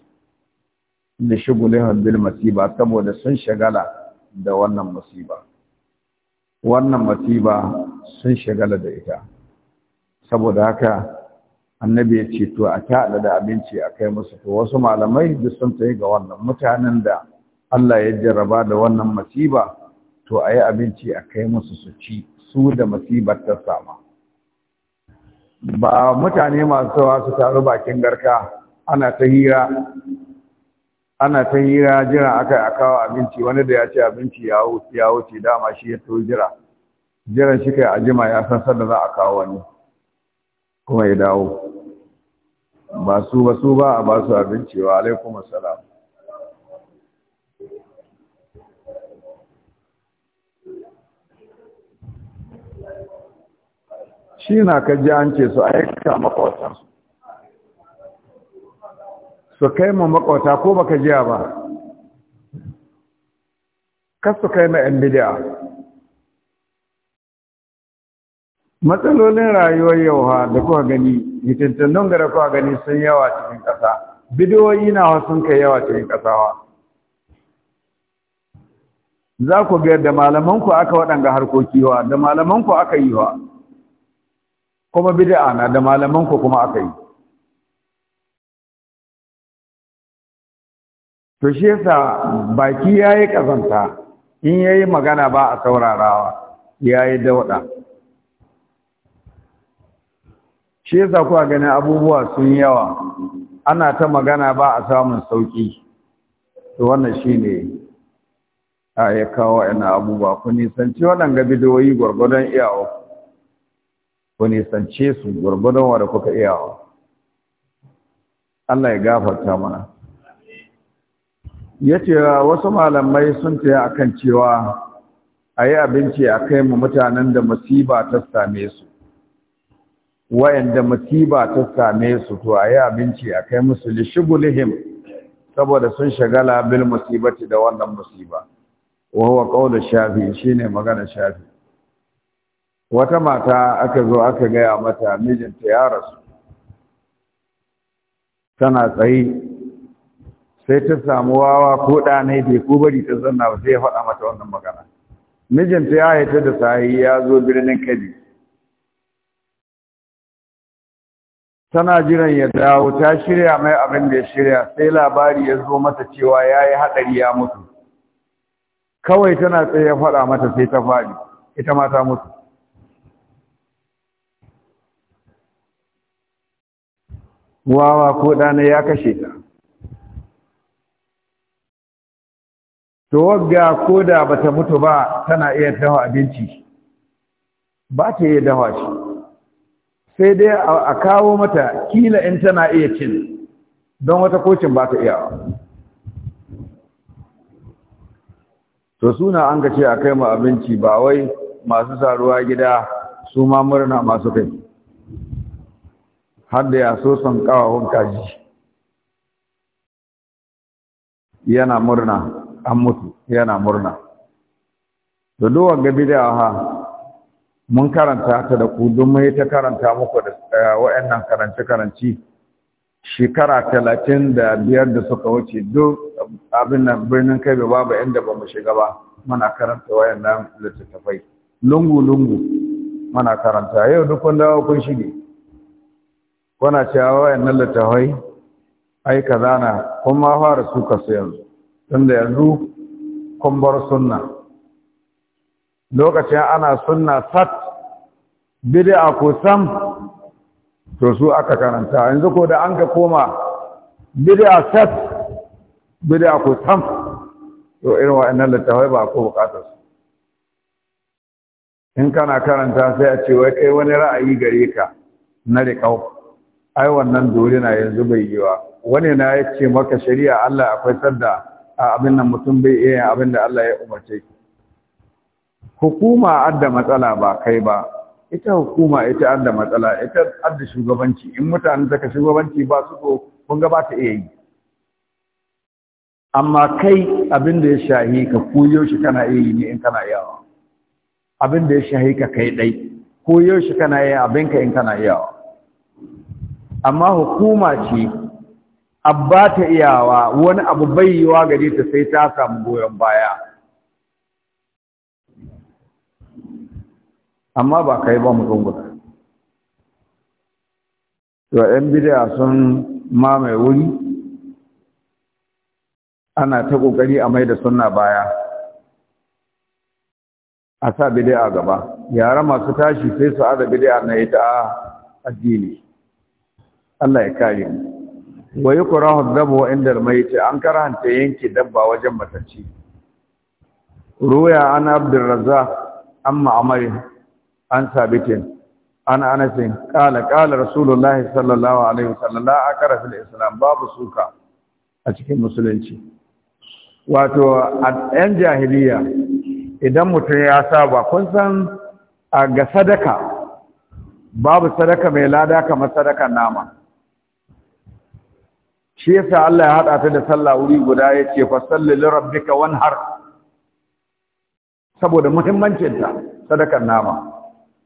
da shugulihun bil musiba saboda sun shagala da wannan masiba. wannan musiba sun shagala da ita saboda haka annabi ya ce to a taɗa da abinci a kai musu to wasu malamai duk sun tsaye ga wannan mutanen da Allah ya jarraba da wannan masiba to a yi abinci a kai musu su ci su da masibar ta sama ba mutane masu sawa su taru bakin garka ana ta hira ana ta hira jira akai a kawo abinci wani da ya ce abinci ya wuce dama shi ya to jira jiran shi kai a jima ya san sanda za a kawo wani kuma ya dawo ba su ba su ba a ba su abinci wa alaikum salam. shi na kaji an ce su aika makwata su kai ma makwata ko baka jiya ba kasu kai na yan bidiyar matsalolin rayuwar yauha da kuka gani hitintannun da kuka gani sun yawa cikin ƙasa bidiyoyi na sun kai yawa cikin ƙasawa za ku biyar da malamanku aka waɗanga harkoki wa da malamanku aka yi wa kuma bidi'a na da malamanku kuma aka yi to shi yasa baki yayi kazanta in yayi magana ba a saurarawa yayi dauɗa shi yasa kuwa ganin abubuwa sun yawa ana ta magana ba a samun sauƙi to wannan shi ne a ya kawo ina abubuwa ku nisanci ga bidiyoyi gwargwadon iyawa ku nisanci su gwargwadon da kuka iyawa Allah ya gafarta mana ya ce wasu malamai sun taya akan cewa a yi abinci a kai mu mutanen da musiba ta same su wayanda masiba ta same su to ayi abinci a kai musu li shugulihim saboda sun shagala bil musibati da wannan musiba wa huwa qawlu shafi shine magana shafi wata mata aka zo aka gaya mata mijinta ya rasu tana tsayi. sai ta samu wawa ko ɗanai bai ko bari ta zanna ba sai ya faɗa mata wannan magana mijinta ya ta da sahi ya zo birnin kabi tana jiran ya dawo ta shirya mai abin da ya shirya sai labari ya zo mata cewa ya yi haɗari ya mutu kawai tana tsaye faɗa mata sai ta faɗi ita ma ta mutu wawa ko ɗana ya kashe ta to wagga ko da bata mutu ba tana iya dawa abinci ba ta iya dawa shi sai dai a kawo mata kila in tana iya cin don wata kocin ba ta iyawa to suna an ka ce a kai ma abinci ba wai masu saruwa gida su ma murna masu kai har da ya so son kaji yana murna an mutu yana murna da duwan gabi da ha mun karanta ta da ku don mai ta karanta muku da eh, wa'annan karance-karance shekara talatin da biyar da suka wuce duk abin nan birnin kai babu inda ba mu shiga ba muna karanta wa'annan littattafai lungu-lungu muna karanta yau duk kun dawo kun shige kuna cewa wa'annan littattafai ai kaza na kuma ma fara suka su yanzu tunda yanzu kun bar sunna lokacin ana sunna sat bid'a ko sam to su aka karanta yanzu ko da an ka koma bid'a sat bid'a ko sam to irin wa'annan littafai ba ko bukatar su in kana karanta sai a ce kai wani ra'ayi gare ka na riƙau ai wannan dole na yanzu bai yi wa. wani na ya ce maka shari'a Allah akwai sadda a abin nan mutum bai iya abin da Allah ya umarce ki hukuma adda matsala ba kai ba ita hukuma ita adda matsala ita adda shugabanci in mutane suka shugabanci ba su ko kun ga ba ta iya yi amma kai abin da ya shahi ka koyo shi kana iya yi ne in kana iyawa abin da ya shahi ka kai dai koyo shi kana iya abin ka in kana iyawa amma hukuma ce abba ta iyawa wani abu bai yiwa gare ta sai ta samu goyon baya amma ba kai ba mu tsungura to yan bidiya sun mamaye wuri ana ta kokari a mai da sunna baya a sa bidiya gaba yara masu tashi sai su ada bidiya na ita addini Allah ya kare mu wa yukrahu dhabu inda al an karanta yanke dabba wajen matacci ruya an abdurrazzaq amma amari an sabitin an anasin kala kala rasulullahi sallallahu alaihi wasallam la akara fil islam babu suka a cikin musulunci wato a yan jahiliya idan mutum ya saba kun san a ga sadaka babu sadaka mai lada kamar sadakan nama shi yasa Allah ya hada ta da sallah wuri guda yace fa salli li rabbika wanhar saboda muhimmancin ta sadakar nama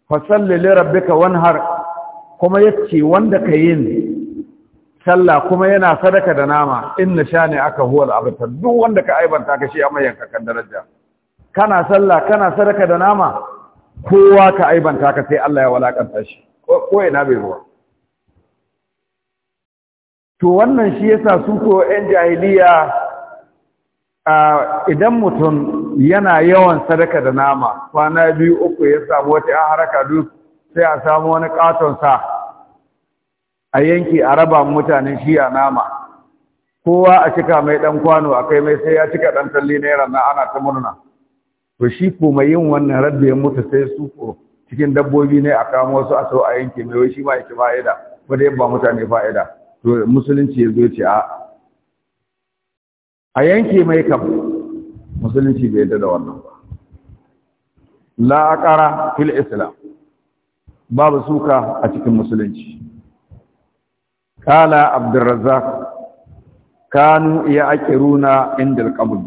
fasalli rabbika wanhar kuma yace wanda ka yin sallah kuma yana sadaka da nama inna shani aka huwal abtar duk wanda ka aibanta ka shi amma yanka kan daraja kana sallah kana sadaka da nama kowa ka aibanta ka sai Allah ya walakanta shi ko ina bai ruwa to wannan shi yasa su ko yan jahiliya idan mutum yana yawan sadaka da nama kwana biyu uku ya samu wata ya haraka duk sai a samu wani katon a yanki a raba mutanen shi a nama kowa a cika mai ɗan kwano a kai mai sai ya cika dan talli naira na ana ta murna to shi ko mai yin wannan radda ya mutu sai su ko cikin dabbobi ne a kama wasu a sau a yanki, mai wai shi ma yake fa'ida wanda ya ba mutane fa'ida to musulunci ya zo ce a a yanke mai kam musulunci bai yadda da wannan ba la'akara fil islam babu suka a cikin musulunci kala abdurrazzak kanu ya runa indil qabr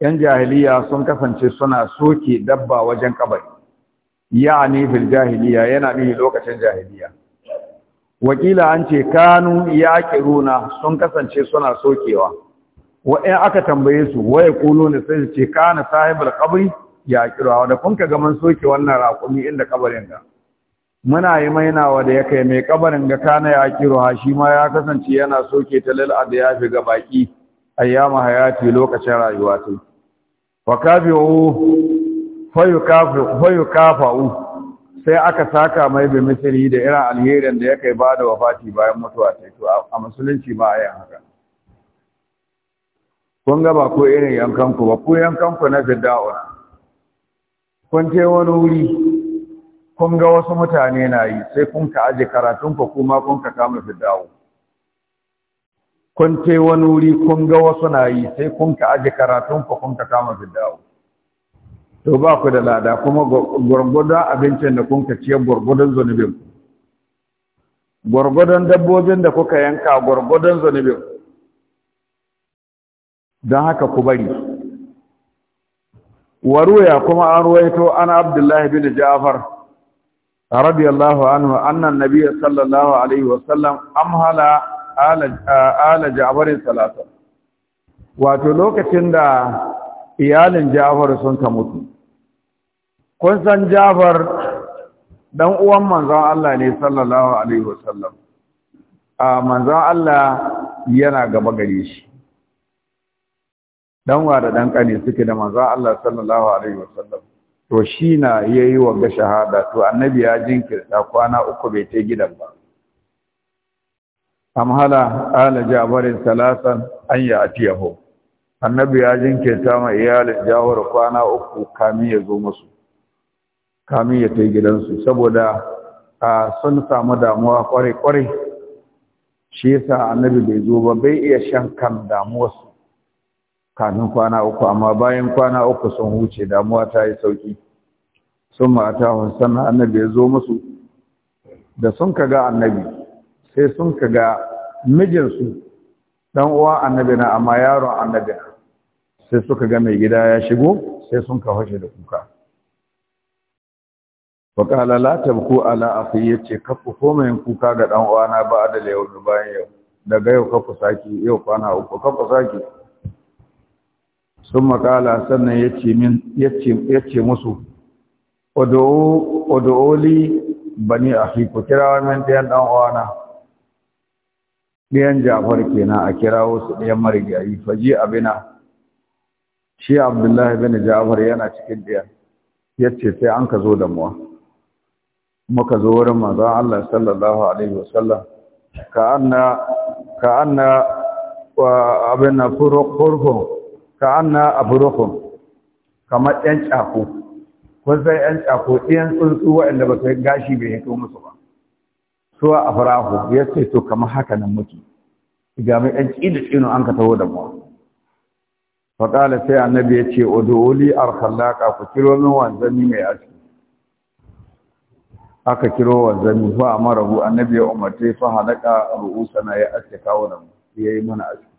yan jahiliya sun kasance suna soke dabba wajen kabari yani fil jahiliya yana nihi lokacin jahiliya wakila an ce kanu ya runa sun kasance suna sokewa in aka tambaye su waye kulo ne sai su ce kana sahibul qabri ya kirawa da kun ga man soke wannan raƙumi inda kabarin ga muna yi mainawa da ya kai mai kabarin ga kana ya kirawa shi ma ya kasance yana soke ta lil fi ga baki ayyama hayati lokacin rayuwa ta wa kafiu fayukafa'u sai aka saka mai bi misri da irin alherin da ya kai ba da wafati bayan mutuwa sai to a musulunci ba a yi haka kun ga ba ko irin yankanku ba ko yankanku na fidda'una kun ce wani wuri kun ga wasu mutane na yi sai kun ka aje karatunku kuma kun ka kama fidda'u kun ce wani wuri kun ga wasu na yi sai kun ka aje karatunku kun ka kama fidda'u to ba ku da lada kuma gwargwadon abincin da kun ka ciye gwargwadon zunubin gwargwadon dabbobin da kuka yanka gwargwadon ku don haka ku bari waruya kuma an ruwaito ana abdullahi bin ja'far radiyallahu anhu annan nabiyyi sallallahu alaihi wasallam amhala ala ja'far salata wato lokacin da iyalin ja'far sun ka mutu kun san ja'far dan uwan manzon Allah ne sallallahu alaihi wasallam a ah, manzon Allah yana gaba gare shi dan wa da dan kane suke da manzon Allah sallallahu alaihi wasallam to shi na yayi wa ga shahada to annabi ya jinkirta kwana uku bai ta gidan ba amhala ala jabarin salasan an ya atiyahu annabi ya jinkirta ma iyalin jawar kwana uku kamin ya zo musu kamin ya ta su. saboda sun samu damuwa kwarai-kwarai shi yasa annabi bai zo ba bai iya shan kan su. kafin kwana uku amma bayan kwana uku sun huce damuwa ta yi sauki sun mata sannan annabi ya zo musu da sun kaga annabi sai sun kaga mijinsu dan uwa annabi na amma yaron annabi na sai suka ga mai gida ya shigo sai sun ka fashe da kuka faƙala la tabku ala akhi yace kafu komai kuka ga dan na ba da yau bayan yau daga yau kafu saki yau kwana uku kafu saki sun makala sannan ya ce musu odo'oli bani a fi ku kira wannan ɗayan ɗan'uwana. ɗayan jafar kenan a kirawo su ɗayan marigayi faji abina shi abdullahi bin jafar yana cikin ɗayan ya ce sai an ka zo da muwa muka zo wurin manzon Allah sallallahu alaihi wasallam ka anna ka anna abin na furfun ka anna aburukum kamar yan cako ko sai yan cako ɗiyan tsuntsu waɗanda ba su gashi bai hito musu ba Su a farahu ya ce to kamar haka nan muke ga mai yan da tsino an ka taho da mu faƙala sai annabi ya ce odoli arkallaka ku kiro min wanzami mai aski aka kiro wanzami fa amara hu annabi ya umarce fa halaka ru'usana ya aske kawo da mu yayi mana aski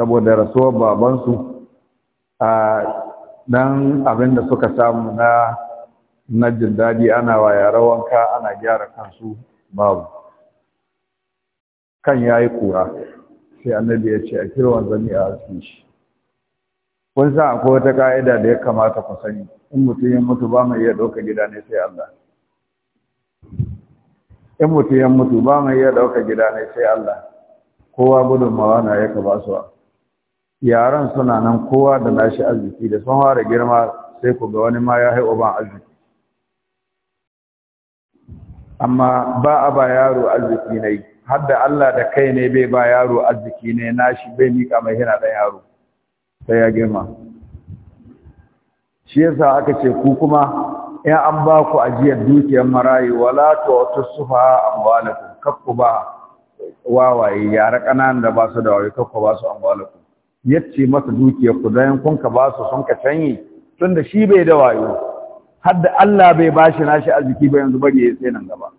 saboda rasuwar babansu a dan abin da suka samu na na jin daɗi ana wa yara wanka ana gyara kansu babu kan ya yi kura sai annabi ya ce a kirwan zami a haske shi kun sa akwai wata ka'ida da ya kamata ku sani in mutum ya mutu ba mai iya ɗauka gida ne sai Allah in mutum ya mutu ba mai iya ɗauka gida ne sai Allah kowa gudunmawa na ya ba su yaran suna nan kowa da nashi arziki da sun fara girma sai ku ga wani ma ya haihu ban arziki amma ba a ba yaro arziki ne har da Allah da kai ne bai ba yaro arziki ne nashi bai mika mai hina da yaro sai ya girma shi yasa aka ce ku kuma in an ba ku ajiyar dukiyar marayu wala ta wata sufa amwalakum kakku ba wawaye yara ƙananan da ba su da wayo kakku ba su amwalakum yace masa dukiyar ku bayan kun ka ba su sun ka canye tunda shi bai da wayo har da Allah bai bashi nashi arziki ba yanzu bari ya sai nan gaba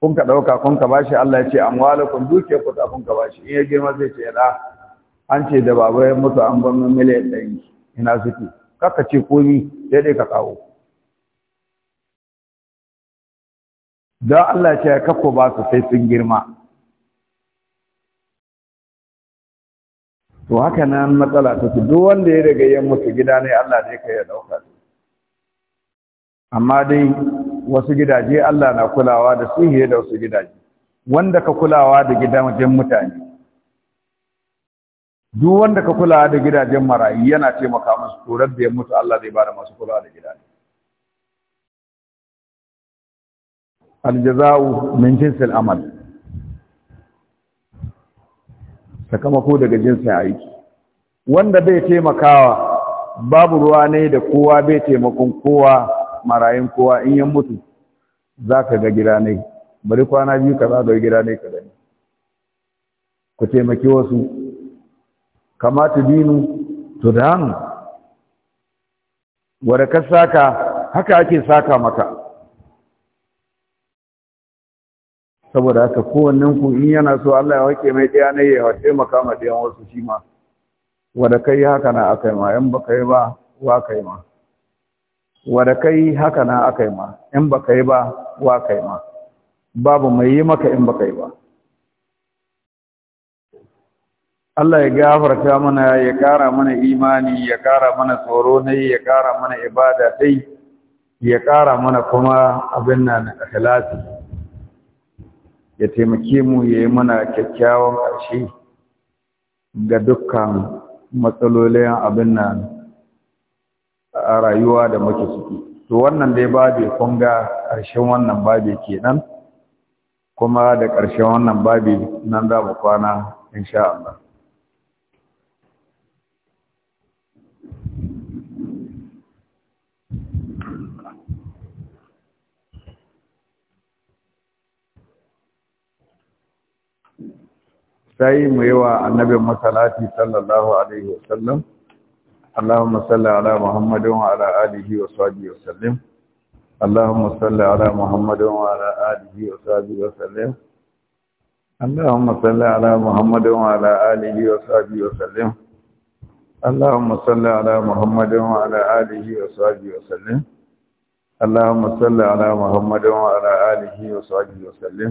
kun ka dauka kun ka bashi Allah ya ce amwalakum dukiyar ku ta kun ka bashi in ya girma zai ce an ce da baba ya mutu an bar miliyan ɗari ina suke kaka ce komi daidai ka kawo don Allah ce kakko ba su sai sun girma to haka nan matsala take duk wanda ya riga ya mutu gida ne Allah ne kai ya dauka amma dai wasu gidaje Allah na kulawa da su yi da wasu gidaje wanda ka kulawa da gidajen mutane duk wanda ka kulawa da gidajen marayi yana taimaka musu turar da ya mutu Allah zai bada masu kulawa da gidaje aljaza'u min jinsil amal sakamako daga jinsin aiki wanda bai taimakawa babu ruwa ne da kowa bai taimakon kowa marayin kowa in yan mutu za ka ga gida ne bari kwana biyu ka za ga gida ne ka gani ku taimaki wasu kamata dinu to da hannu ka saka haka ake saka maka saboda haka kowannen ku in yana so Allah ya wake mai ɗaya ne ya maka ma ɗayan wasu shi ma wanda kai haka na yi ma in baka yi ba wa kai ma wanda kai haka na yi ma in baka yi ba wa kai ma babu mai yi maka in baka yi ba Allah ya gafarta mana ya kara mana imani ya kara mana tsoro ne ya kara mana ibada dai ya kara mana kuma abin nan ikhlasi ya taimake mu ya yi mana kyakkyawan ƙarshe ga dukkan matsalolin abin nan a rayuwa da muke suke. to wannan dai babe kun ga ƙarshen wannan babe kenan kuma da ƙarshen wannan babe nan za mu kwana in sha Allah sai mu yi wa annabin masalati sallallahu alaihi wasallam Allahumma salli ala Muhammadin wa ala alihi wa sahbihi wa sallim Allahumma salli ala Muhammadin wa ala alihi wa sahbihi wa sallim Allahumma salli ala Muhammadin wa ala alihi wa sahbihi wa sallim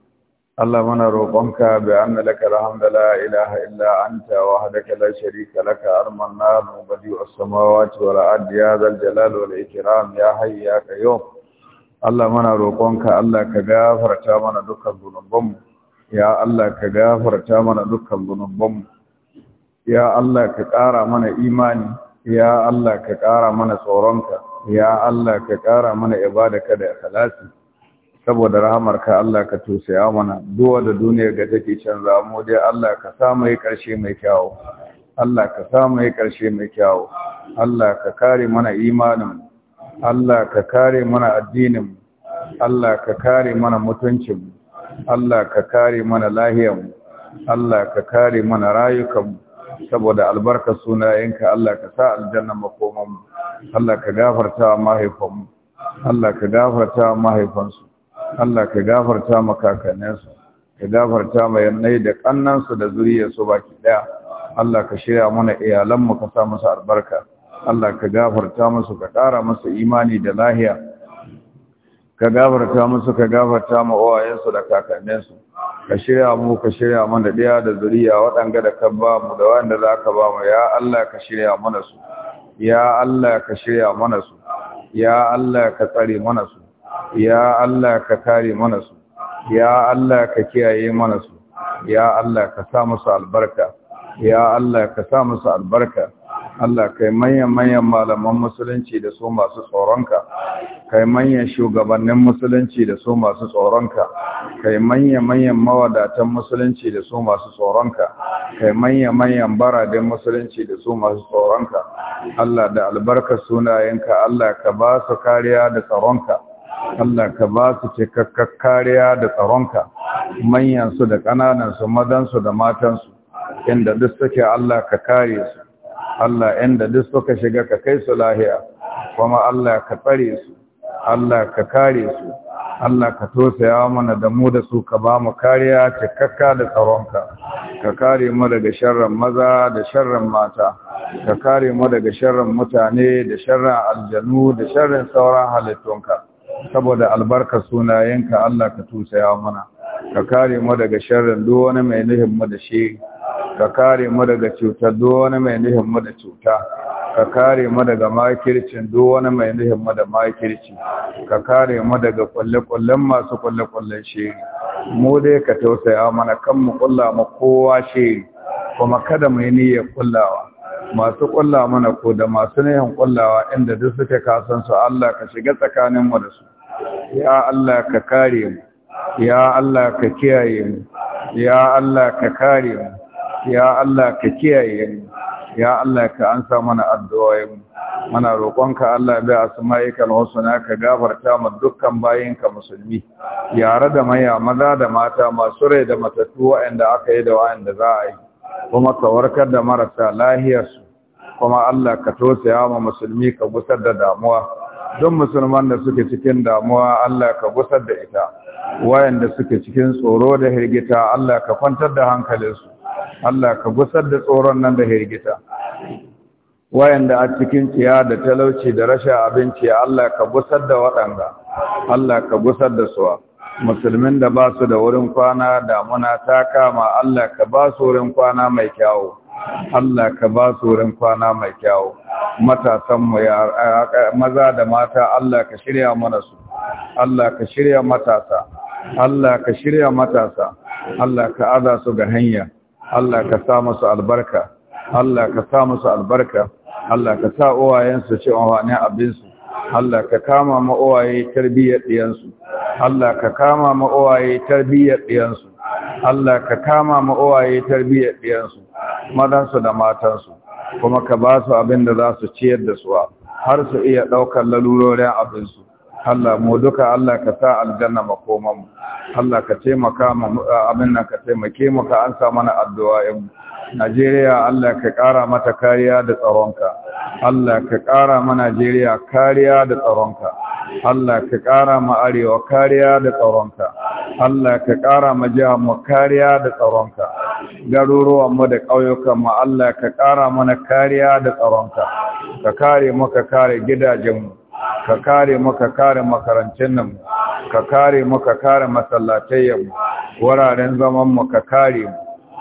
Allah muna roƙonka bi anna laka alhamdu ilaha illa anta wahdaka la sharika laka armanna mubadi as-samawati wal ardi ya zal jalali wal ya hayy ya Allah muna roƙonka Allah ka gafarta mana dukkan zunubanmu ya Allah ka gafarta mana dukkan zunubanmu ya Allah ka ƙara mana imani ya Allah ka ƙara mana tsoronka ya Allah ka ƙara mana ibadaka da ikhlasi saboda rahmar ka Allah ka tusaya mana duwa da duniyar ga take canza mu dai Allah ka samu yi karshe mai kyawu Allah ka samu yi karshe mai kyawu Allah ka kare mana imanin Allah ka kare mana addinin Allah ka kare mana mutuncin Allah ka kare mana lahiyar Allah ka kare mana rayukan saboda albarkar sunayenka Allah ka sa aljanna makoman Allah ka gafarta mahaifanmu Allah ka gafarta mahaifansu Allah ka gafarta kakanninsu, ka gafarta ma yannai da kannansu da zuriyarsu baki daya Allah ka shirya mana iyalanmu ka sa musu albarka Allah ka gafarta musu ka ƙara musu imani da lahiya ka gafarta musu ka gafarta ma uwayensu da kakanninsu ka shirya mu ka shirya mana daya da zuriya waɗanga da ka ba mu da wanda za ka ba mu ya Allah ka shirya mana su ya Allah ka shirya mana su ya Allah ka tsare mana su ya Allah ka kare mana su ya Allah ka kiyaye mana su ya Allah ka sa musu albarka ya Allah ka sa musu albarka Allah kai manyan manyan malaman musulunci da su masu tsoronka kai manyan shugabannin musulunci da su masu tsoronka kai manyan manyan mawadatan musulunci da su masu tsoronka kai manyan manyan baradin musulunci da su masu tsoronka Allah da albarkar sunayenka Allah ka ba su kariya da tsaronka Allah ka ba su cikakkar kariya da tsaronka manyansu da ƙananansu madansu da matansu inda duk suke Allah ka kare su Allah inda duk suka shiga ka kai su lahiya kuma Allah ka tsare su Allah ka kare su Allah ka tosaya mana da mu da su ka ba mu kariya cikakka da tsaronka ka kare mu daga sharran maza da sharran mata ka kare mu daga sharran mutane da sharran aljanu da sharran sauran halittunka saboda albarka sunayenka Allah ka ya mana ka kare mu daga sharrin duk wani mai nuhin mu da shi ka kare mu daga cutar duk wani mai nuhin mu da cuta ka kare mu daga makircin duk wani mai nuhin mu da makirci ka kare mu daga kulle kwallen masu kulle kwallen shi mu dai ka tausaya mana kan mu kulla mu kowa shi kuma kada mu yi niyyar kullawa masu kulla mana ko da masu nihin kullawa inda duk suke kasan su Allah ka shiga tsakanin mu da su ya Allah ka kare mu ya Allah ka kiyaye mu ya Allah ka kare mu ya Allah ka kiyaye mu ya Allah ka ansa mana addu'o'in Muna roƙonka Allah bi asma'ikal husna ka gafarta mu dukkan bayinka musulmi yare da maya maza da mata masu rai da matattu waɗanda aka yi da waanda za a yi kuma ka warkar da marasa lahiyarsu kuma Allah ka tosaya ma musulmi ka gusar da damuwa don musulman da suke cikin damuwa Allah ka gusar da ita wayanda suke cikin tsoro da hirgita Allah ka kwantar da hankalinsu Allah ka gusar da tsoron nan da hirgita wayanda a cikin ciya da talauci da rashin abinci Allah ka gusar da waɗanda Allah ka gusar da su musulmin da ba su da wurin kwana damuna ta kama Allah ka ba su wurin kwana mai kyawu Allah ka ba su wurin kwana mai kyau. matasanmu maza da mata Allah ka shirya mana su Allah ka shirya matasa Allah ka shirya matasa Allah ka aza su ga hanya Allah ka sa musu albarka Allah ka sa musu albarka Allah ka sa uwayensu ci wani abinsu Allah ka kama ma uwaye tarbiyyar diyansu Allah ka kama ma uwaye tarbiyyar diyansu Allah ka kama ma uwaye tarbiyyar ɗiyansu madansu da matansu kuma ka ba su abin da za su ciyar da suwa har su iya ɗaukar lalurorin abinsu Allah mu duka Allah ka sa aljanna makoman mu Allah ka taimaka mu abin nan ka taimake mu ka ansa mana addu'a mu Najeriya Allah ka ƙara mata kariya da tsaronka Allah ka ƙara mana Najeriya kariya da tsaronka Allah ka ƙara ma arewa kariya da tsaronka Allah ka ƙara ma jiha mu kariya da tsaronka garuruwan mu da ƙauyukan mu Allah ka ƙara mana kariya da tsaronka ka kare mu ka kare gidajen ka kare mu ka kare makarantun ka kare mu ka kare masallatayen wuraren zaman mu ka kare mu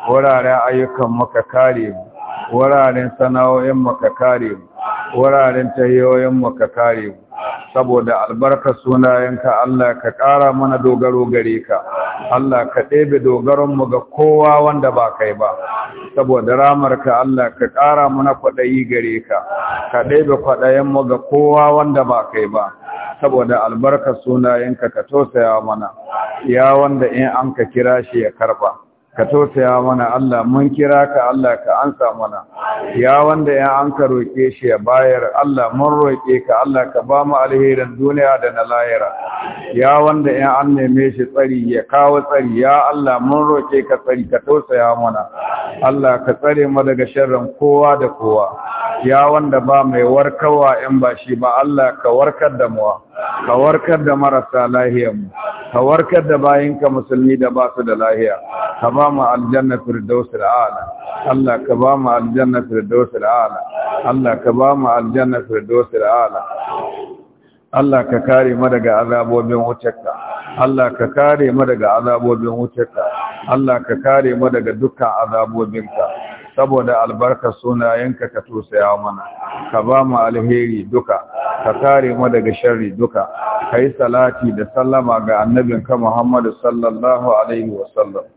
wuraren ayyukan mu ka kare mu wuraren sana'o'inmu mu ka kare mu wuraren tahiyoyinmu ka kare mu saboda albarkar sunayenka Allah ka ƙara mana dogaro gare ka Allah ka ɗebe dogaronmu ga kowa wanda ba kai ba saboda ramarka Allah ka ƙara mana kwaɗayi gare ka ka ɗebe kwaɗayenmu ga kowa wanda ba kai ba saboda albarkar sunayenka ka tausaya mana ya wanda in an ka kira shi ya karɓa ka tausaya mana Allah mun kira ka Allah ka ansa mana ya wanda ya an ka roke shi ya bayar Allah mun roke ka Allah ka ba mu alherin duniya da na lahira ya wanda ya an neme shi tsari ya kawo tsari ya Allah mun roke ka tsari ka tausaya mana Allah ka tsare mu daga sharrin kowa da kowa ya wanda ba mai warkarwa in ba shi ba Allah ka warkar da mu ka warkar da marasa lahiyarmu ka warkar da bayinka musulmi da ba su da lahiya ka ba mu aljanna firdausi ala Allah ka ba mu aljanna firdausi ala Allah ka ba mu aljanna firdausi ala Allah ka kare mu daga azabobin wutarka Allah ka kare mu daga azabobin wutarka Allah ka kare mu daga dukkan azabobinka saboda albarkar sunayenka ka tosaya mana ka ba mu alheri duka ka kare mu daga sharri duka kai salati da sallama ga annabinka Muhammad sallallahu alaihi wasallam